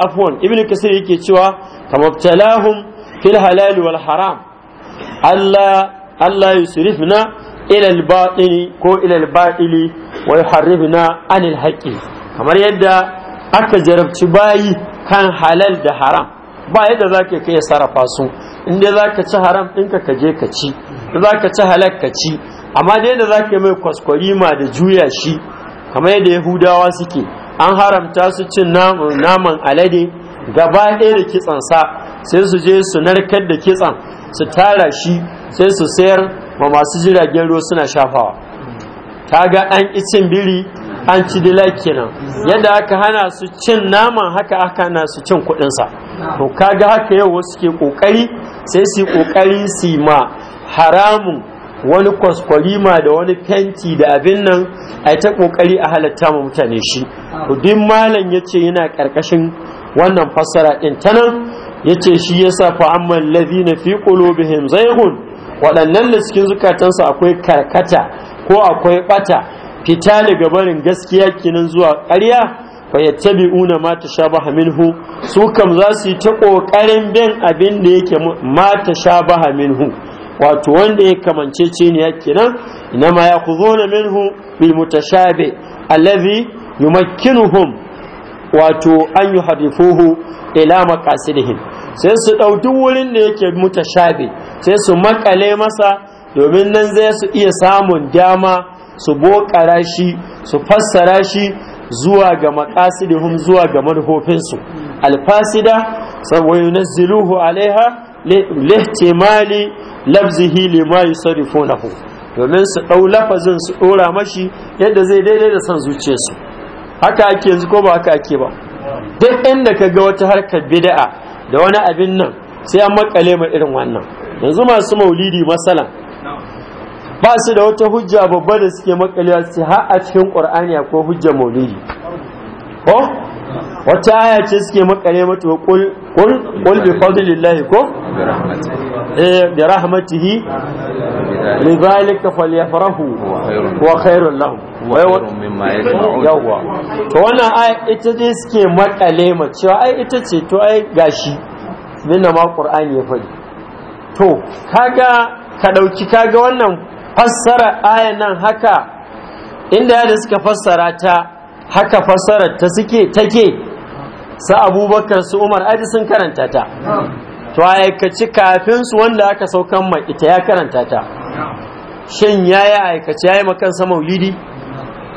afwan ibnu kasir yake cewa kamabtalahum fil halal wal haram Allah Allah na ila al batili ko ila al batili wa yuharrifna anil haqqi kamar yadda aka jarabci bayi kan halal da haram ba yadda zaka kai sarrafa su inda zaka ci haram ɗinka ka je ka ci zaka ci halal ka ci amma da yadda ka mai kwaskwarima da juya shi kamar yadda yahudawa suke an haramta su cin naman alade gaba ɗaya da kitsansa sai su je su narkar da kitsan su tara shi sai su sayar ma masu jiragen ruwa suna shafawa Ta ga an icin biri an ci dila kenan yadda aka hana su cin naman haka aka hana su cin kuɗinsa to ga haka yau wasu ke ƙoƙari sai su yi ƙoƙari su ma haramun wani kwaskwarima da wani fenti da abin nan a yi ta ƙoƙari a halatta ma mutane shi to duk malam ya ce yana ƙarƙashin wannan fassara ɗin ta nan yace shi yasa fa amma na fi qulubihim zaygun waɗannan da cikin zukatansu akwai karkata ko akwai ɓata? fita daga barin gaskiya kinan zuwa ƙarya fa yattabi'una ma tashabaha minhu su kam za su yi ta kokarin bin abin da yake ma tashabaha minhu wato wanda ya kamance kenan inama ya minhu bil mutashabi alladhi yumakkinuhum wato an yi hadifuhu ila maqasidihim sai su ɗauki wurin da yake mutashabi sai su makale masa domin nan zai su iya samun dama su bokara shi su fassara shi zuwa ga maqasidihum zuwa ga manufofinsu alfasida saboda yunazziluhu alaiha lihtimali lafzihi lima yusarrifunahu domin su ɗau lafazin su ɗora mashi yadda zai daidai da san zuciyarsu haka ake yanzu ko ba haka ake ba duk inda ka ga wata harkar bid'a da wani abin nan sai an makale ma irin wannan yanzu masu maulidi masalan ba su da wata hujja babba da suke makale su har a cikin qur'ani akwai hujjar maulidi ko wata aya ce suke makale mata qul qul qul bi fadlillahi ko eh bi rahmatihi lidhalika falyafrahu wa khairul lahum yawwa to wannan ai ita ce suke makale ma cewa ai ita ce to ai gashi minna ma qur'ani ya faɗi to kaga ka ɗauki kaga wannan fassara ayan nan haka inda da suka fassara ta haka fassarar ta suke take su abubakar su umar aji sun karanta ta to aikaci kafin su wanda aka saukan mai ita ya karanta ta shin ya yi aikaci ya yi makansa maulidi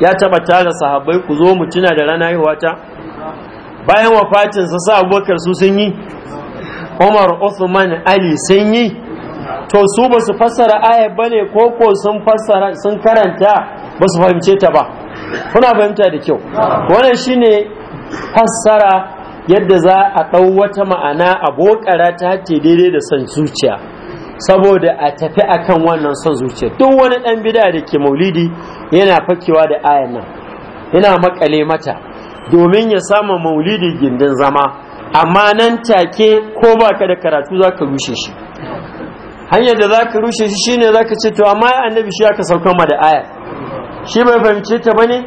ya taba tara sahabbai ku zo mu tuna da rana haihuwata bayan wafatin sa sa abubakar su sun yi umar Uthman ali sun yi to su ba su fassara ba bane ko ko sun fassara sun karanta ba su fahimce ta ba kuna fahimta da kyau wannan shine fassara yadda za a ɗau wata ma'ana abokara ta ce daidai da son zuciya saboda a tafi akan wannan son zuciya duk wani dan bida da ke maulidi yana fakewa da ayan nan yana makale mata domin ya samu maulidi gindin zama amma nan take ko baka da karatu zaka rushe shi hanyar da zaka rushe shi shine zaka ce to amma annabi shi aka sauka ma da aya shi bai fahimce ta bane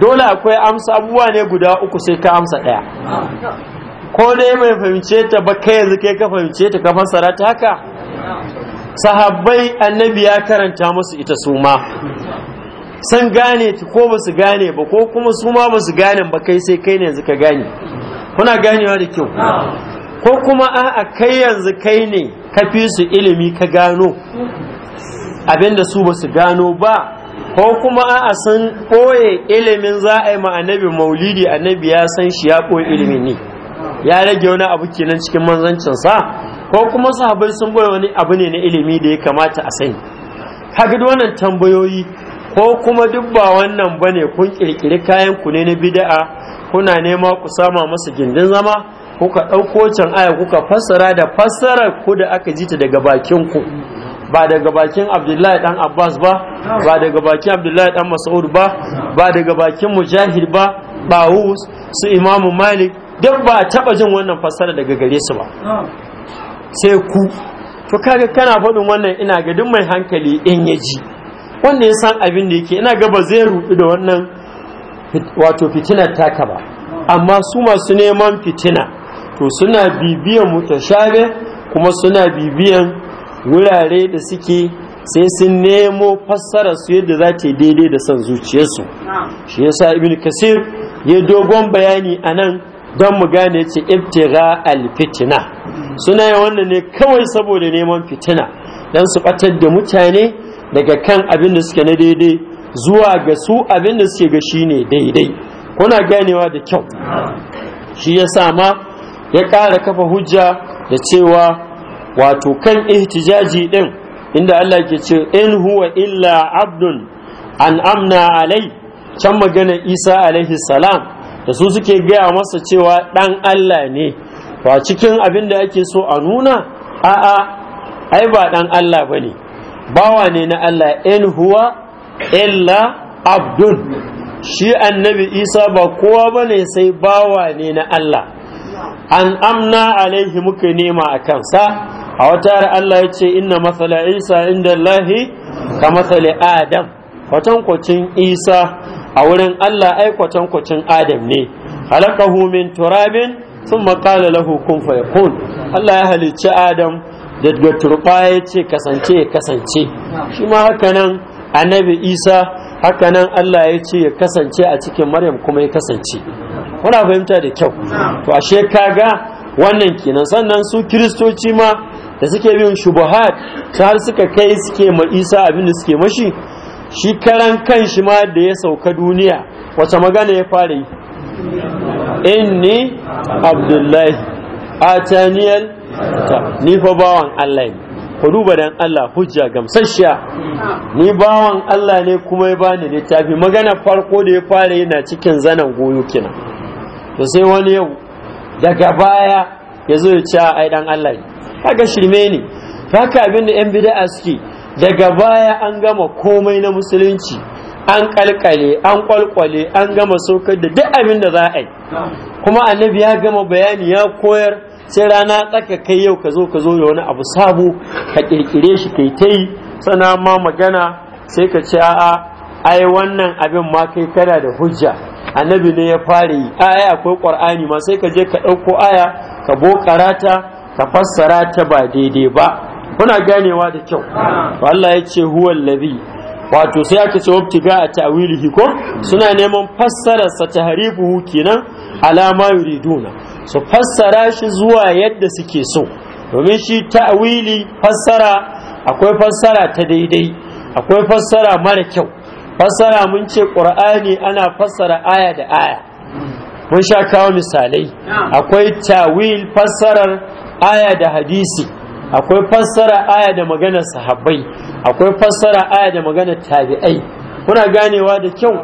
dole akwai amsa abubuwa ne guda uku sai ka amsa daya ko dai mai fahimce ta ba kai yanzu kai ka fahimce ta ka fassara ta haka sahabbai annabi ya karanta musu ita su ma san gane ta ko ba su gane ba ko kuma su ma ba su gane ba kai sai kai ne yanzu ka gane kuna ganewa da kyau ko kuma a kai yanzu kai ne ka fi su ilimi ka gano abinda su ba su gano ba ko kuma a sun koye ilimin za a yi ma annabi maulidi annabi ya san shi ya koyi ilimin ne ya rage wani abu kenan cikin manzancinsa ko kuma sahabai sun bai wani abu ne na ilimi da ya kamata a sani kaga wannan tambayoyi ko kuma duk ba wannan bane kun kirkiri kayan ku ne na bida'a? kuna nema ku sama masa gindin zama kuka ɗauko can aya kuka fassara da fassarar ku da aka ji ta daga bakin ku ba daga bakin abdullahi dan abbas ba ba daga bakin abdullahi dan mas'ud ba ba daga bakin mujahid ba ba su imamu malik duk ba taba jin wannan fassara daga gare su ba sai ku to kaga kana faɗin wannan ina ga duk mai hankali in yaji. wanda ya san abin da yake ina ga ba zai rubu da wannan wato fitinar taka ba amma su masu neman fitina to suna bibiyan mutashabe kuma suna bibiyan wurare da suke sai sun nemo fassara su yadda za ta daidai da son zuciyarsu shi yasa ibn kasir ya dogon bayani a nan don mu gane ce ibtiga alfitina suna yi wannan ne kawai saboda neman fitina don su batar da mutane daga kan abin da suke na daidai zuwa ga su abin da suke ga shi ne daidai kuna ganewa da kyau shi ya sama ya ƙara kafa hujja da cewa wato kan ihtijaji din inda Allah ke ce in huwa illa abdun an amna alai can magana isa alaihi salam da su suke gaya masa cewa ɗan Allah ne ba cikin abin da ake so a nuna a'a ai ba ɗan Allah ba ne bawa ne na Allah in huwa illa abdun shi annabi isa ba kowa ba ne sai bawa ne na Allah an amna alaihi muka nema a kansa a wata Allah ya ce inna matsala isa inda Allahi ka matsala adam kwatankwacin isa a wurin Allah ai kwacin Adam ne halakahu min turabin sun makala lahu kun fayakun Allah ya halicci Adam da turba ya ce kasance ya kasance shi ma haka nan annabi Isa haka nan Allah ya ce ya kasance a cikin Maryam kuma ya kasance kuna fahimta da kyau to ashe kaga wannan kenan sannan su kiristoci ma da suke bin shubuhat har suka kai suke ma Isa abin da suke mashi shi karan kan shi ma da ya sauka duniya wace magana ya fara yi inni abdullahi ataniyal ni fa bawan Allah ne ku duba dan Allah hujja gamsasshiya ni bawan Allah ne kuma ya bani littafi magana farko da ya fara yana cikin zanen goyo kina to sai wani yau daga baya ya zo ya ci a dan Allah ne haka shirme ne haka abin da yan bid'a suke daga baya an gama komai na musulunci an kalkale an kwalkwale an gama saukar da duk abin da za a yi kuma annabi ya gama bayani ya koyar sai rana tsaka kai yau ka zo ka zo da wani abu sabo ka kirkire shi kai ta yi sana ma magana sai ka ce a'a ai wannan abin ma kai kana da hujja annabi ne ya fara yi aya akwai qur'ani ma sai ka je ka ɗauko aya ka bokara ta ka fassara ta ba daidai ba kuna ganewa da kyau Allah ya ce huwa allazi wato sai aka ce wabtiga a ta'wilihi ko suna neman fassara sa tahrifuhu kenan alama yuriduna su fassara shi zuwa yadda suke so domin shi ta'wili fassara akwai fassara ta daidai akwai fassara mara kyau fassara mun ce qur'ani ana fassara aya da aya mun sha kawo misalai akwai tawil fassarar aya da hadisi akwai fassara aya da magana sahabbai akwai fassara aya da magana tabi'ai kuna ganewa da kyau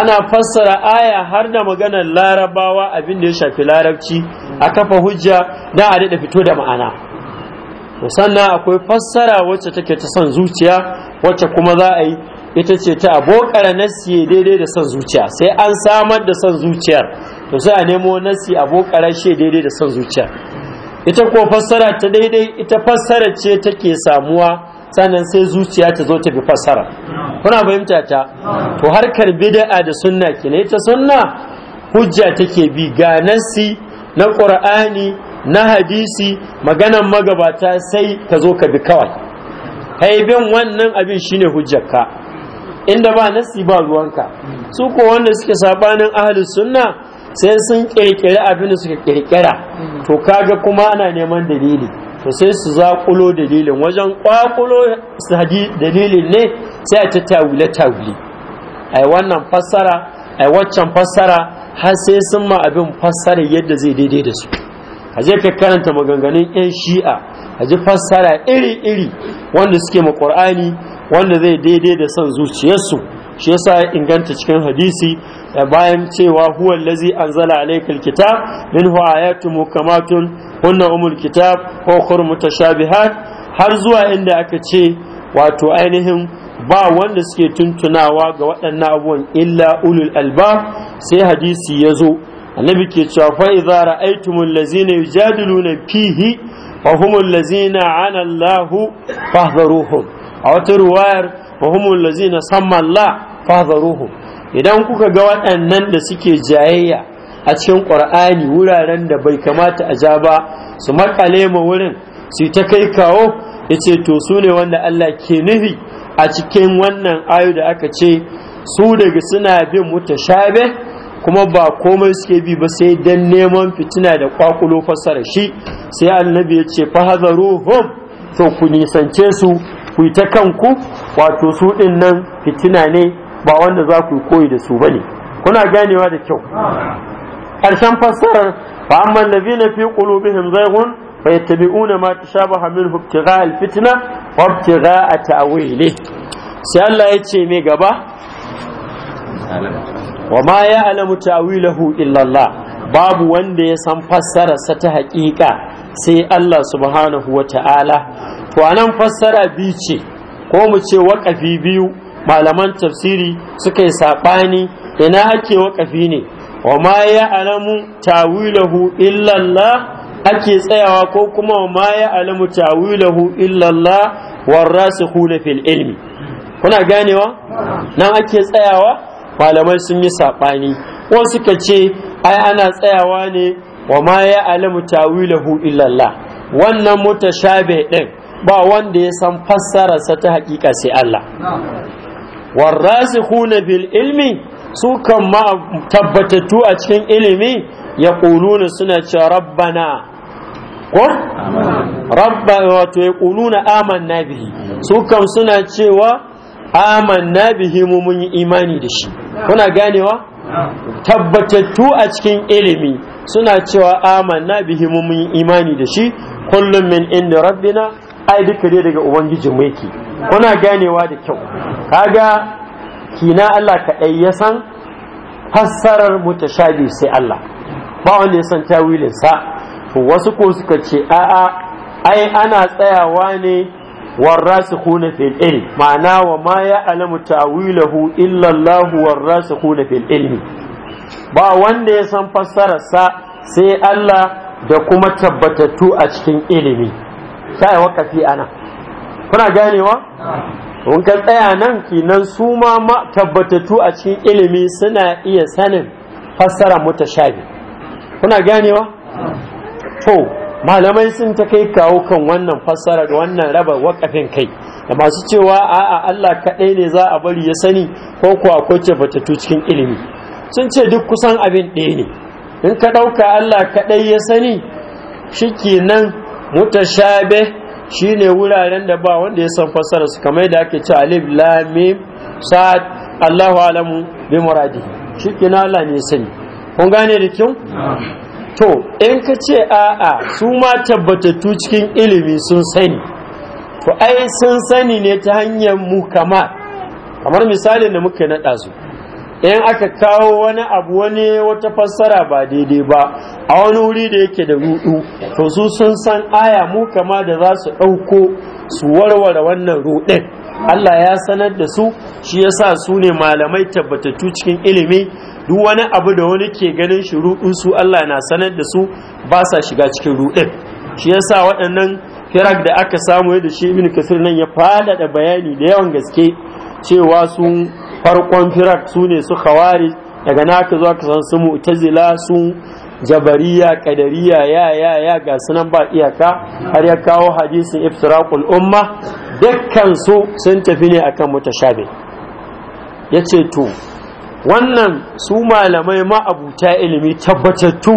ana fassara aya har da maganar larabawa abin da ya shafi larabci a kafa hujja da a daɗa fito da ma'ana sannan akwai fassara wacce take ta son zuciya wacce kuma za a yi ita ce ta abokar nasi daidai da son zuciya sai an samar da son zuciyar to sai a nemo nasi abokar shi daidai da son zuciya ita ko fassara ta daidai ita fassara ce take samuwa sannan sai zuciya ta zo ta bi fassara kuna fahimta ta to harkar bid'a da sunna kenan ita sunna hujja take bi ga nasi na qur'ani na hadisi maganan magabata sai ka zo ka bi kawai kai bin wannan abin shine hujjarka inda ba nasi ba ruwanka su ko wanda suke sabanin ahlus sunna sai sun kirkiri abin da suka kirkira mm. to kaga kuma ana neman dalili to sai su zakulo dalilin wajen ƙwaƙulo su haji dalilin ne sai a ta tawile tawile ai wannan fassara ai waccan fassara har sai sun ma abin fassara yadda zai daidai da su a je ka karanta maganganun 'yan shi'a a ji fassara iri-iri wanda suke ma ƙur'ani wanda zai daidai da son zuciyarsu shi yasa inganta cikin hadisi bayan cewa huwa lazi anzala alaykal kitab minhu ayatun mukammatun hunna umul kitab wa ukhra mutashabihat har zuwa inda aka ce wato ainihin ba wanda suke tuntunawa ga waɗannan abubuwan illa ulul alba sai hadisi ya zo annabi ke cewa fa idza ra'aytumul ladzina yujadiluna fihi wa humul ladzina 'ana Allahu fahdharuhum a wata ruwayar wa humul ladzina samma Allah fadaruhu idan kuka ga waɗannan da suke jayayya a cikin ƙur'ani wuraren da bai kamata a ja ba su makale ma wurin su ta kai kawo ya ce to su ne wanda Allah ke nufi a cikin wannan ayu da aka ce su daga suna bin mutashabe kuma ba komai suke bi ba sai dan neman fitina da kwakulo fasara shi sai annabi ya ce fahazaruhum to ku nisance su ku ta kanku wato su din nan fitina ne ba wanda za ku koyi da su bane kuna ganewa da kyau ƙarshen fassarar fa amma na fi qulubihim fa yattabi'una ma tashabaha minhu ibtigha'a alfitna wa ibtigha'a ta'wili sai Allah ya ce me gaba wa ma ya'lamu ta'wilahu illa Allah babu wanda ya san sa ta haƙiƙa sai Allah subhanahu wa ta'ala to anan fassara biyu ce ko mu ce waƙafi biyu malaman tafsiri suka yi saɓani ina ake wakafi ne wa ma ya alamu tawilahu illallah ake tsayawa ko kuma wa ma ya alamu tawilahu illallah hula fil ilmi kuna ganewa nan ake tsayawa malamai sun yi saɓani wasu suka ce ai ana tsayawa ne wa ma ya alamu tawilahu illallah wannan mutashabe din ba wanda ya san fassararsa ta hakika sai Allah warrasikhuna fil ilmi su kan ma tabbatattu a cikin ilimi ya ƙuluna suna ce rabbana ko rabba wato ya ƙuluna amanna bihi su kan suna cewa amanna bihi mu mun yi imani da shi kuna ganewa tabbatattu a cikin ilimi suna cewa amanna bihi mu mun yi imani da shi kullum min inda rabbina ai duka dai daga ubangijin mu yake kuna ganewa da kyau kaga kina Allah kaɗai ya san fassarar mutashabi sai Allah ba wanda ya san tawilin sa to wasu ko suka ce a'a ai ana tsayawa ne warrasikhuna fil ilm ma'ana wa ma ya'lamu ta'wilahu illa Allah warrasikhuna fil ilmi ba wanda ya san sa sai Allah da kuma tabbatattu a cikin ilimi sai wakafi ana kuna ganewa in ka tsaya nan kinan su ma tabbatattu a cikin ilimi suna iya sanin fassara mutashabi kuna ganewa to malamai sun ta kai kawo kan wannan fassara da wannan raba wakafin kai da masu cewa a'a Allah kaɗai ne za a bari ya sani ko kuwa ko tabbatattu cikin ilimi sun ce duk kusan abin ɗaya ne in ka ɗauka Allah kaɗai ya sani shi nan. mutashabe shine wuraren da ba wanda ya san fassara su kamar da ake ce alif lam mim sad Allahu alamu bi muradi shikina Allah ne sani kun gane da kyau to in ka ce a'a su ma tabbatattu cikin ilimi sun sani to ai sun sani ne ta hanyar mu kamar misalin da muka naɗa su in aka kawo wani abu wani wata fassara ba daidai ba a wani wuri da yake da rudu to su sun san aya mu kama da za su ɗauko su warware wannan rudin Allah ya sanar da su shi ya sa su ne malamai tabbatattu cikin ilimi duk wani abu da wani ke ganin shi rudin su Allah na sanar da su ba sa shiga cikin rudin shi ya sa waɗannan firak da aka samu yadda shi ibn kasir nan ya faɗaɗa bayani da yawan gaske cewa sun farkon firak su ne su khawari daga naka zuwa ka san su mu'tazila su jabariya kadariya ya ya ya ga sunan ba iyaka har ya kawo hadisin iftiraqul umma dukkan su sun tafi ne akan mutashabi yace to wannan su malamai ma'abuta ilimi tabbatattu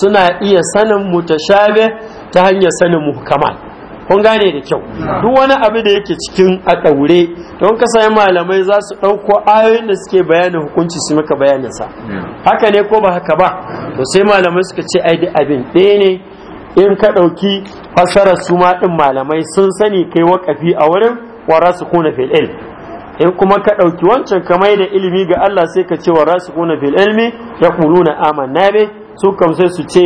suna iya sanin mutashabi ta hanyar sanin muhkamal kun gane da kyau duk wani abu da yake cikin a ɗaure don kasayen malamai za su ɗauko ayoyin da suke bayanin hukunci su maka bayaninsa haka ne ko ba haka ba to sai malamai suka ce ai da abin ɗaya ne in ka ɗauki fassarar su ma ɗin malamai sun sani kai wakafi a wurin wara su kuna fil ilm in kuma ka ɗauki wancan kamar da ilimi ga Allah sai ka ce wara su kuna fil ilmi ya kuluna amanna be su kam sai su ce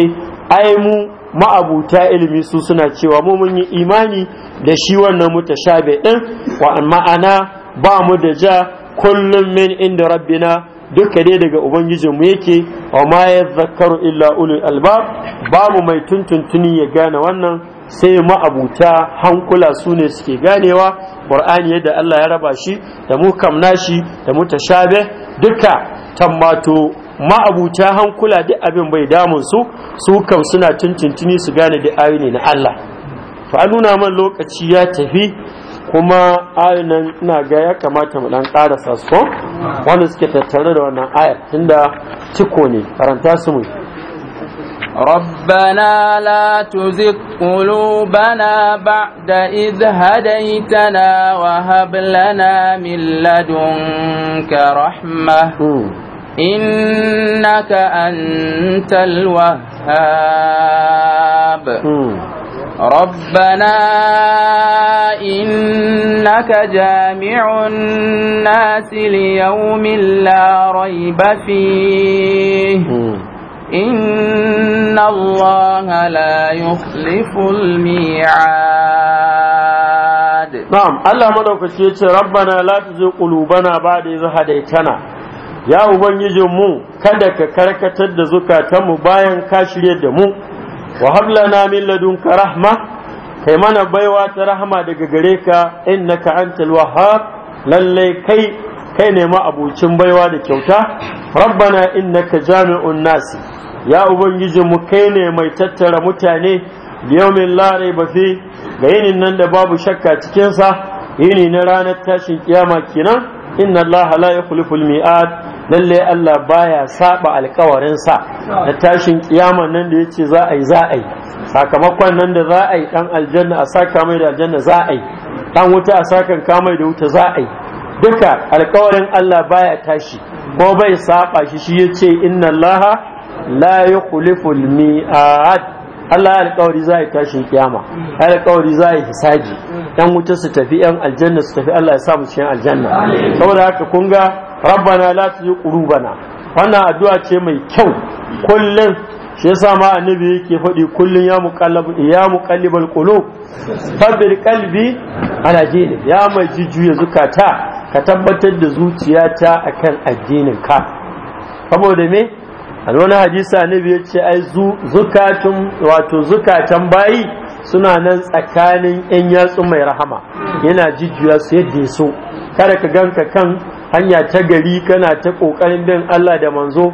ai mu ma'abuta ilimi su suna cewa mu mun yi imani da shi wannan mutashabi din wa ma'ana ba mu da ja kullum min inda rabbina duka dai daga ubangijin mu yake wa ma yadhakkaru illa ulul albab ba mu mai tuntuntuni ya gane wannan sai ma'abuta hankula su ne suke ganewa qur'ani yadda Allah ya raba shi da mu kamna shi da mutashabe duka tammato ma'abuta hankula duk abin bai damun su su kam suna tuntuntuni su gane da ayoyi na Allah to an nuna man lokaci ya tafi kuma nan ina ga ya kamata mu dan karasa su wanda suke tattare da wannan ayat tunda ciko ne karanta su mu ربنا لا تزغ قلوبنا بعد إذ هديتنا وهب لنا من لدنك رحمة إنك أنت الوهاب ربنا إنك جامع الناس ليوم لا ريب فيه إن الله لا يخلف الميعاد نعم الله ملوك الشيء ربنا لا تزغ قلوبنا بعد إذ هديتنا ya ubangijinmu kada ka karkatar da mu bayan ka shirye da mu wa hablana min ladunka rahma kai mana baiwa ta rahama daga gare ka innaka antal wahhab lallai kai kai ne ma abokin baiwa da kyauta rabbana innaka jami'un nasi ya mu kai ne mai tattara mutane yawmin la raiba fi ga yinin nan da babu shakka cikin sa yini na ranar tashin kiyama kenan inna Allah la yukhlifu miad lalle Allah baya saba alkawarin sa da tashin kiyama nan da yace za a yi za a yi sakamakon nan da za a yi dan aljanna a saka mai da aljanna za a yi dan wuta a sakan kamai da wuta za a yi duka alkawarin Allah baya tashi ko bai saba shi shi yace inna Allah la yukhliful mi'ad Allah alkawari za ya tashi kiyama alkawari za ya hisaji yan wuta su tafi yan aljanna su tafi Allah ya sa mu cikin aljanna saboda haka kun ga rabbana la tuzigh qulubana wannan addu'a ce mai kyau kullum shi yasa ma annabi yake faɗi kullum ya muqallab ya muqallibal qulub fadl qalbi ala ya mai jujjuya zukata ka tabbatar da zuciyata a kan addinin ka saboda me a wani hadisa na ya ce ai zukatun wato zukatan bayi suna nan tsakanin yan yatsu mai rahama yana jijjuya su yadda ya so kada ka ganka kan hanya ta gari kana ta kokarin bin Allah da manzo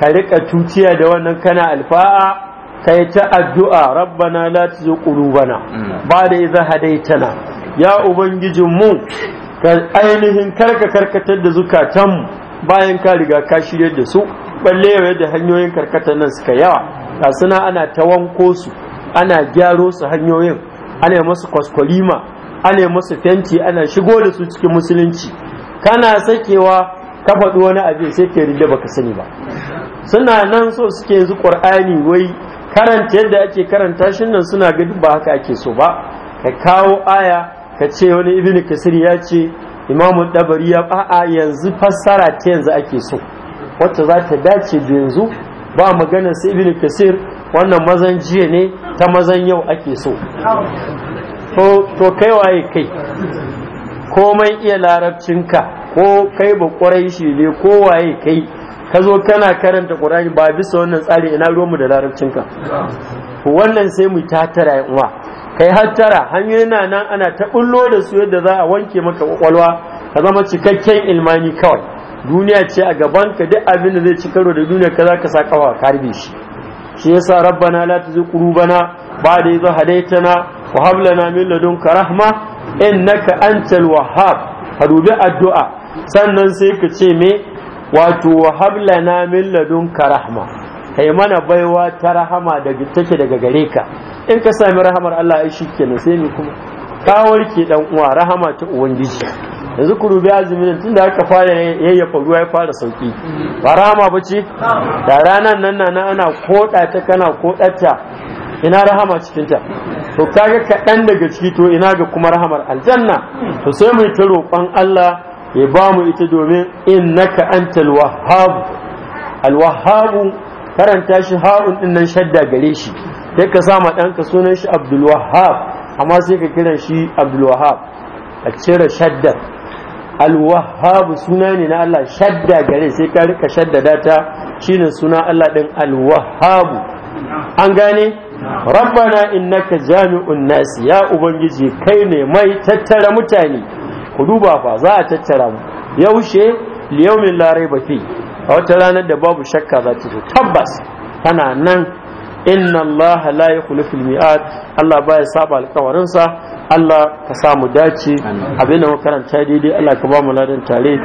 ka rika tuciya da wannan kana alfa'a yi ta addu'a rabbana la tuzigh qulubana mm. da idh hadaitana ya ubangijinmu ka ainihin karka karkatar da zukatan bayan ka riga ka shirya da su balle da hanyoyin karkatar nan suka yawa ga suna ana ta wanko su ana gyaro su hanyoyin ana masu kwaskwalima ana masu fenti ana shigo da su cikin musulunci kana sakewa ka faɗi wani abin sai ka ba baka sani ba suna nan so suke yanzu ƙur'ani wai karanta yadda ake karanta shin nan suna ga ba haka ake so ba ka kawo aya ka ce wani ibn kasir ya ce imamu dabari ya a'a yanzu fassara ta yanzu ake so wacce za ta dace da yanzu ba magana su ibn kasir wannan mazan jiya ne ta mazan yau ake so to kai waye kai komai iya larabcinka ko kai ba kwarai shi ne ko waye kai ka zo kana karanta ƙurani ba bisa wannan tsari ina ruwanmu da larabcinka wannan sai mu tatara uwa kai hattara hanyoyin na nan ana ta bullo da su yadda za a wanke maka kwakwalwa ka zama cikakken ilmani kawai duniya ce a gaban ka duk abin da zai ci karo da duniya ka za ka sa kafa ka harbe shi shi yasa rabbana la tuzigh qulubana ba'da idh hadaytana wa hab lana min ladunka rahma innaka antal wahhab ka dubi addu'a sannan sai ka ce me wato wa hab lana min ladunka rahma kai mana baiwa ta rahama da take daga gare ka in ka sami rahamar Allah ai kenan sai ni kuma ka warke dan uwa rahama ta ubangiji yanzu ku rubi azumin tun da aka fara yayyafa ruwa ya fara sauki ba rahama ba ce da ranar nan na ana koda ta kana ina rahama cikin ta to kaga kaɗan daga ciki to ina ga kuma rahamar aljanna to sai mu ta roƙon Allah ya ba mu ita domin innaka antal wahhab al wahhabu karanta shi ha'un din nan shadda gare shi sai ka sa ma ɗanka sunan shi Abdul Wahhab amma sai ka kiran shi Abdul Wahhab a cire shadda Al Wahhab suna ne na Allah shadda gare sai ka rika shaddada ta shine suna Allah din Al Wahhab an gane rabbana innaka jami'un nasi ya ubangiji kai ne mai tattara mutane ku duba fa za a tattara mu yaushe liyaumin larai ba fi a wata ranar da babu shakka za ta zo tabbas tana nan inna Allah la yukhlifu al-mi'ad Allah baya saba alkawarinsa Allah ka samu dace abinda makaranta karanta daidai Allah ka ba mu ladan tare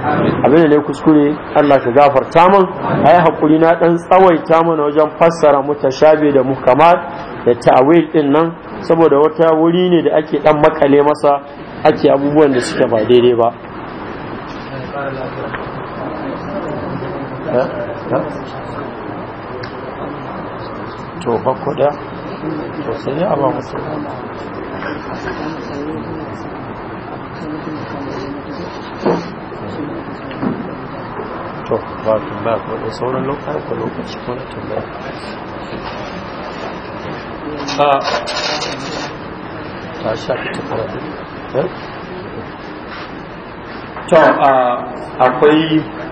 abinda ne kuskure Allah ka gafarta min ayi hakuri na dan tsawaita mana wajen fassara mutashabi da muhkamat da ta'awil din nan saboda wata wuri ne da ake ɗan makale masa ake abubuwan da suke ba daidai ba to ba kuda to sai ba musu to ba ku ba ku da sauran lokaci ko lokaci ko ta ta eh? to akwai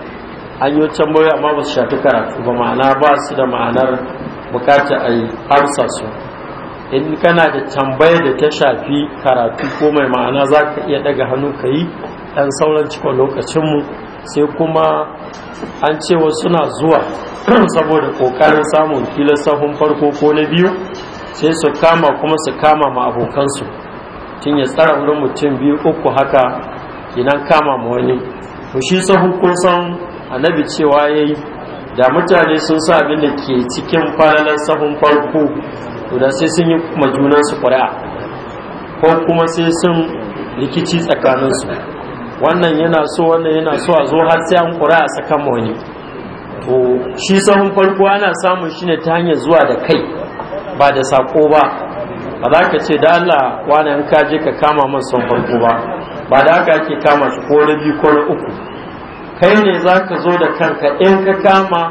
an yi tambayoyi amma ba su shafi karatu ba ma'ana ba su da ma'anar bukata a yi harsa su in kana da tambaya da ta shafi karatu ko mai ma'ana za ka iya daga hannu ka yi ɗan sauran cikon lokacinmu sai kuma an cewa suna zuwa *clears throat* saboda ƙoƙarin samun filin sahun farko ko na biyu sai su kama kuma su kama ma abokansu tun ya tsara wurin mutum biyu uku haka ina kama ma wani to shi sahun kusan annabi cewa yayi da mutane sun sa abin da ke cikin falalan sahun farko to da sai sun yi majunan su ƙuri'a ko kuma sai sun rikici tsakaninsu wannan yana so wannan yana so a zo har sai an ƙuri'a tsakan wani to shi sahun farko ana samun shi ne ta hanyar zuwa da kai ba da sako ba ba za ka ce da Allah wani in kaje ka kama man sahun farko ba ba da haka ake kama shi ko na biyu ko na uku kai ne za ka zo da kanka in ka kama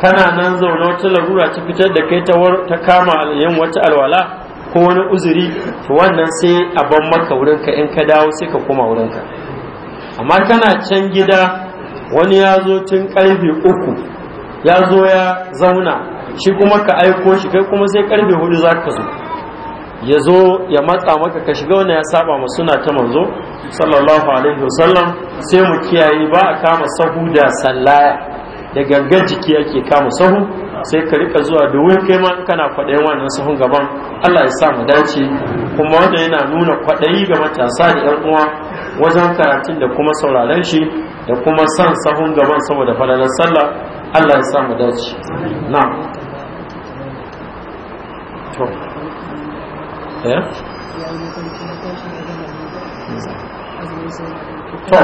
kana nan zaune wata larura ta fitar da kai ta kama yin wata alwala ko wani uzuri to wannan sai a ban maka wurinka in ka dawo sai ka kuma wurinka amma kana can gida wani ya zo tun karfe uku ya zo ya zauna shi kuma ka aiko shi kai kuma sai karfe hudu za ka zo ya zo ya matsa maka ka shiga wani ya saba ma suna ta manzo sallallahu alaihi wasallam sai mu kiyaye ba a kama sahu da sallaya da gangan jiki ake kama sahu sai ka rika zuwa da wuri kai ma kana kwaɗayin wannan sahun gaban Allah ya sa mu dace kuma wanda yana nuna kwaɗayi ga matasa da ƴan uwa wajen karatun da kuma sauraron shi da kuma san sahun gaban saboda falalar sallah Allah ya sa mu dace na'am to ya eh? to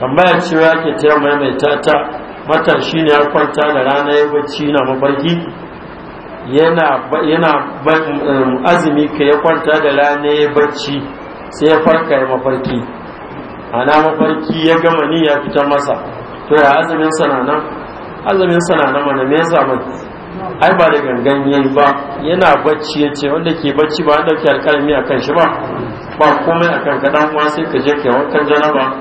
tambaya cewa ke mai maimaita ta matan shi ne ya kwanta da rana ya bacci na mafarki yana um, azumi ka ya kwanta da rana ya bacci sai ya farka ya mafarki ana mafarki ya gama ni ya fitar masa to ya azumin sana nan azumin sana nan mana me ya samu ai ba da gangan yayi ba yana bacci ya ce wanda ke bacci ba an ɗauki alƙalami a kan shi ba ba komai a kan kaɗan uwa sai ka je ka yi wankan janaba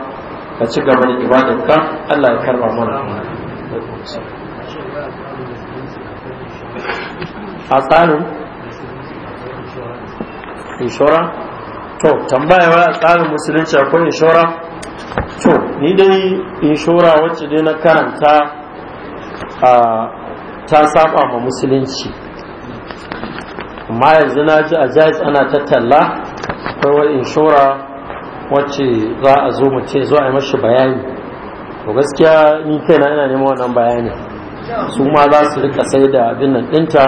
ka ci gaba da ibadarka Allah ya karba mana a tsarin inshora to tambaya wa tsarin musulunci akwai inshora to ni dai inshora wacce dai na karanta a ah, ta saba ma musulunci amma yanzu na ji a jaiz ana tattalla akwai inshora wacce za a zo mace zo a yi mashi bayani to gaskiya ni kaina ina neman wannan bayani su ma za su rika sai da abin nan ɗinta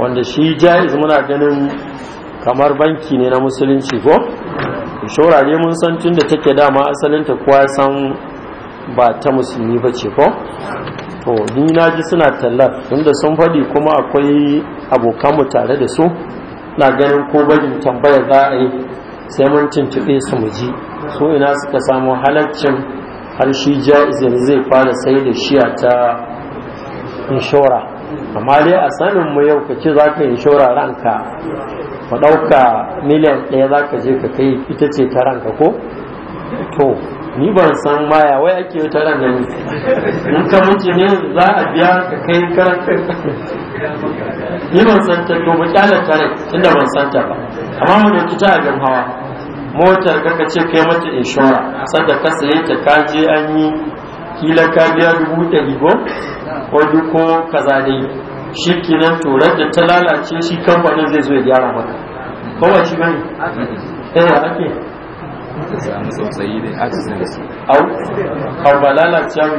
wanda shi jaiz muna ganin kamar banki ne na musulunci ko inshora ne mun san tun da take dama asalinta kowa san ba ta musulmi ba ce ko to ni na ji suna tallar inda sun faɗi kuma akwai abokanmu tare da su na ganin ko barin tambaya za a yi sai mun tuntube su mu ji su ina suka samu halaccin har shi ja'izin zai fara sai da shiya ta inshora amma dai a sanin mu yau kace ce za ka inshora ranka ka ɗauka miliyan ɗaya za ka je ka kai ita ce ta ranka ko to ni ban san maya wai ake wata ran da in ka mace ne za a biya ka kai ka ni ban san ta to ba kyalar ta tunda ban san ta ba amma mu dauki ta a gan hawa motar ka ce kai mata inshora da ka saye ta ka je an yi kila ka biya dubu ɗari ko ko duko kaza dai shi kenan turar da ta lalace shi kamfanin zai zo ya gyara maka ko shi bane eh ake da samu tsautsayi da accident au au ba lalacewa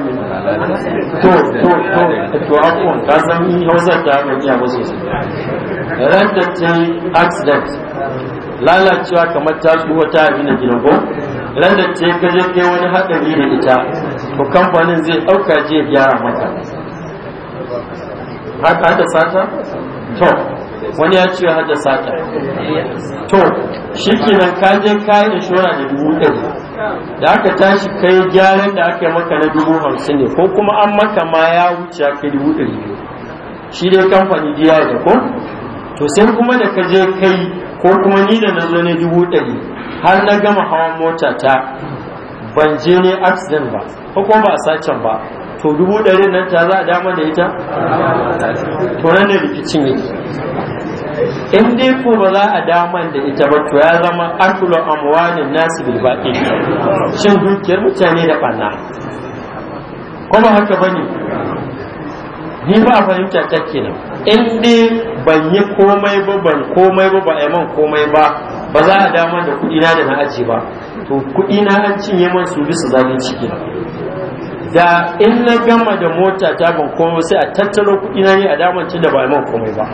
to to to to akwai ka san ni hausa ta ba iya ba sosai rantaccen accident lalacewa kamar ta tsuwa ta abin da gidan ko rantace ka je kai wani haɗari da ita to kamfanin zai ɗauka je gyara maka haka haka sata to wani ya ce haddasa sata, to shi kenan ka je kayan inshora da dubu ɗari da aka tashi kai gyaran da aka yi maka na dubu hamsin ne ko kuma an maka ma ya wuce kai dubu ɗari shi dai kamfani diya da ko to sai kuma da ka je kai ko kuma ni da na zo ne dubu ɗari har na gama hawan mota ta ban je ne accident ba ko kuma ba a sacen ba to dubu ɗari nan ta za a dama da ita to nan ne rikicin yake in dai ko ba za a dama da ita ba to ya zama akulu amwalin nasu bil baqi shin dukiyar mutane da ɓanna. ko ba haka ne? ni ba fahimta ta kenan in dai ban yi komai ba ban komai ba ba a man komai ba ba za a dama da kuɗi na da na aji ba to kuɗi na an cinye man su bisa zalunci kenan da in na gama da mota ta ban komai sai a tattaro kuɗi na ne a daman da ba man komai ba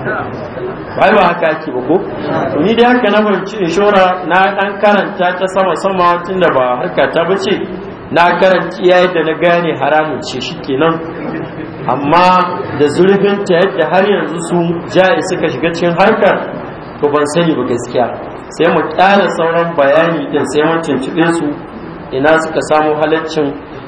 ba ba haka ake ba ko ni da haka na fahimci inshora na dan karanta ta sama sama tun da ba harka ta bace na karanci yayi da na gane haramun ce shikenan amma da zurfin ta yadda har yanzu su ja'i suka shiga cikin harkar to ban sani ba gaskiya sai mu ƙara sauran bayani din sai mun tuntuɓe su ina suka samu halaccin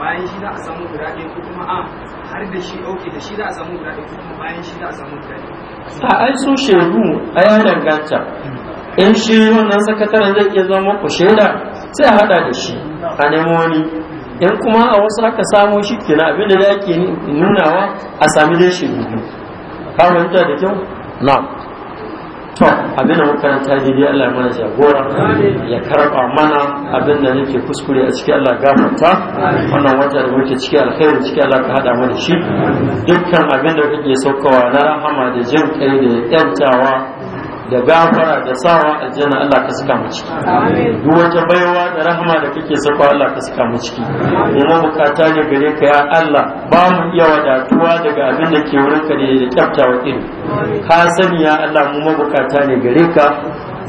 bayan shi za a samu guda ɗaya ko kuma a har da shi ɗauke da shi za a samu guda ɗaya ko kuma bayan shi za a samu guda ɗaya. a ai so shehu a ya danganta in shi wannan sakataren zai iya zama ku shaida sai a haɗa da shi a nemo wani in kuma a wasu aka samo shi kina, abin da ake nunawa a sami dai shehu ka fahimta da kyau na'am to abin da makaranta daidai Allah ya mana jagora ya karɓa mana abinda da nake kuskure a cikin Allah gafarta wannan wata da muke ciki alkhairi cikin Allah ka hada mana shi dukkan abin da kake saukawa na rahama da jin kai da yantawa da gafara da sawa aljanna Allah ka saka mu ciki duk wata baiwa da rahama da kake saka Allah ka saka mu ciki kuma bukata ne gare ka ya Allah ba mu iya wadatuwa daga abin da ke wurin ka ne da kyaftawa iri. ka sani ya Allah mu mabukata ne gare ka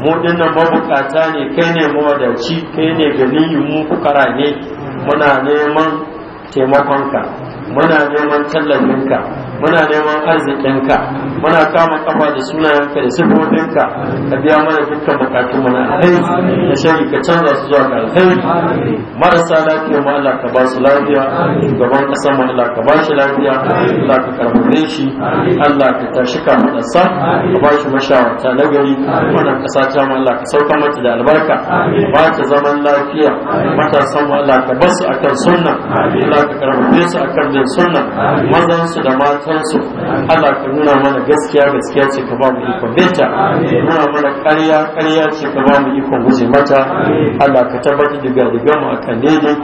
mu dinnan mabukata ne kai ne mawadaci kai ne gani mu fukara ne muna neman taimakonka muna neman tallafinka muna neman arzikinka muna kama kafa da sunayenka da sifofinka ka biya mana dukkan bukatun mu na alheri da shari ka canza su zuwa ga alheri marasa lafiya ma Allah ka ba su lafiya gaban kasar mu Allah ka ba shi lafiya Allah ka karbe shi Allah ka tashi ka madarsa ka ba shi mashawarta na gari wannan kasa ta mu Allah ka sauka mata da albarka ba ta zaman lafiya matasan mu Allah ka basu akan sunna Allah ka karbe su akan bin sunna mazan su da mata kansu Allah ka nuna mana gaskiya gaskiya ce ka ba mu ikon binta ka nuna mana ƙarya ƙarya ce ka ba mu ikon guje mata Allah ka tabbatar da gadigan mu akan daidai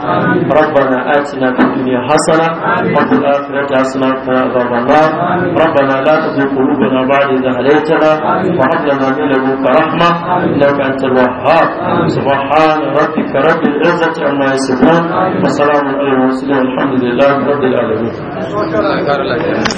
rabbana atina fid dunya hasana wa fil akhirati hasana wa qina adhaban nar rabbana la tuzigh qulubana ba'da idh hadaytana wa hab lana min ladunka rahma innaka antal wahhab subhana rabbika rabbil izzati amma yasifun wa salamun alal mursalin alhamdulillahi rabbil alamin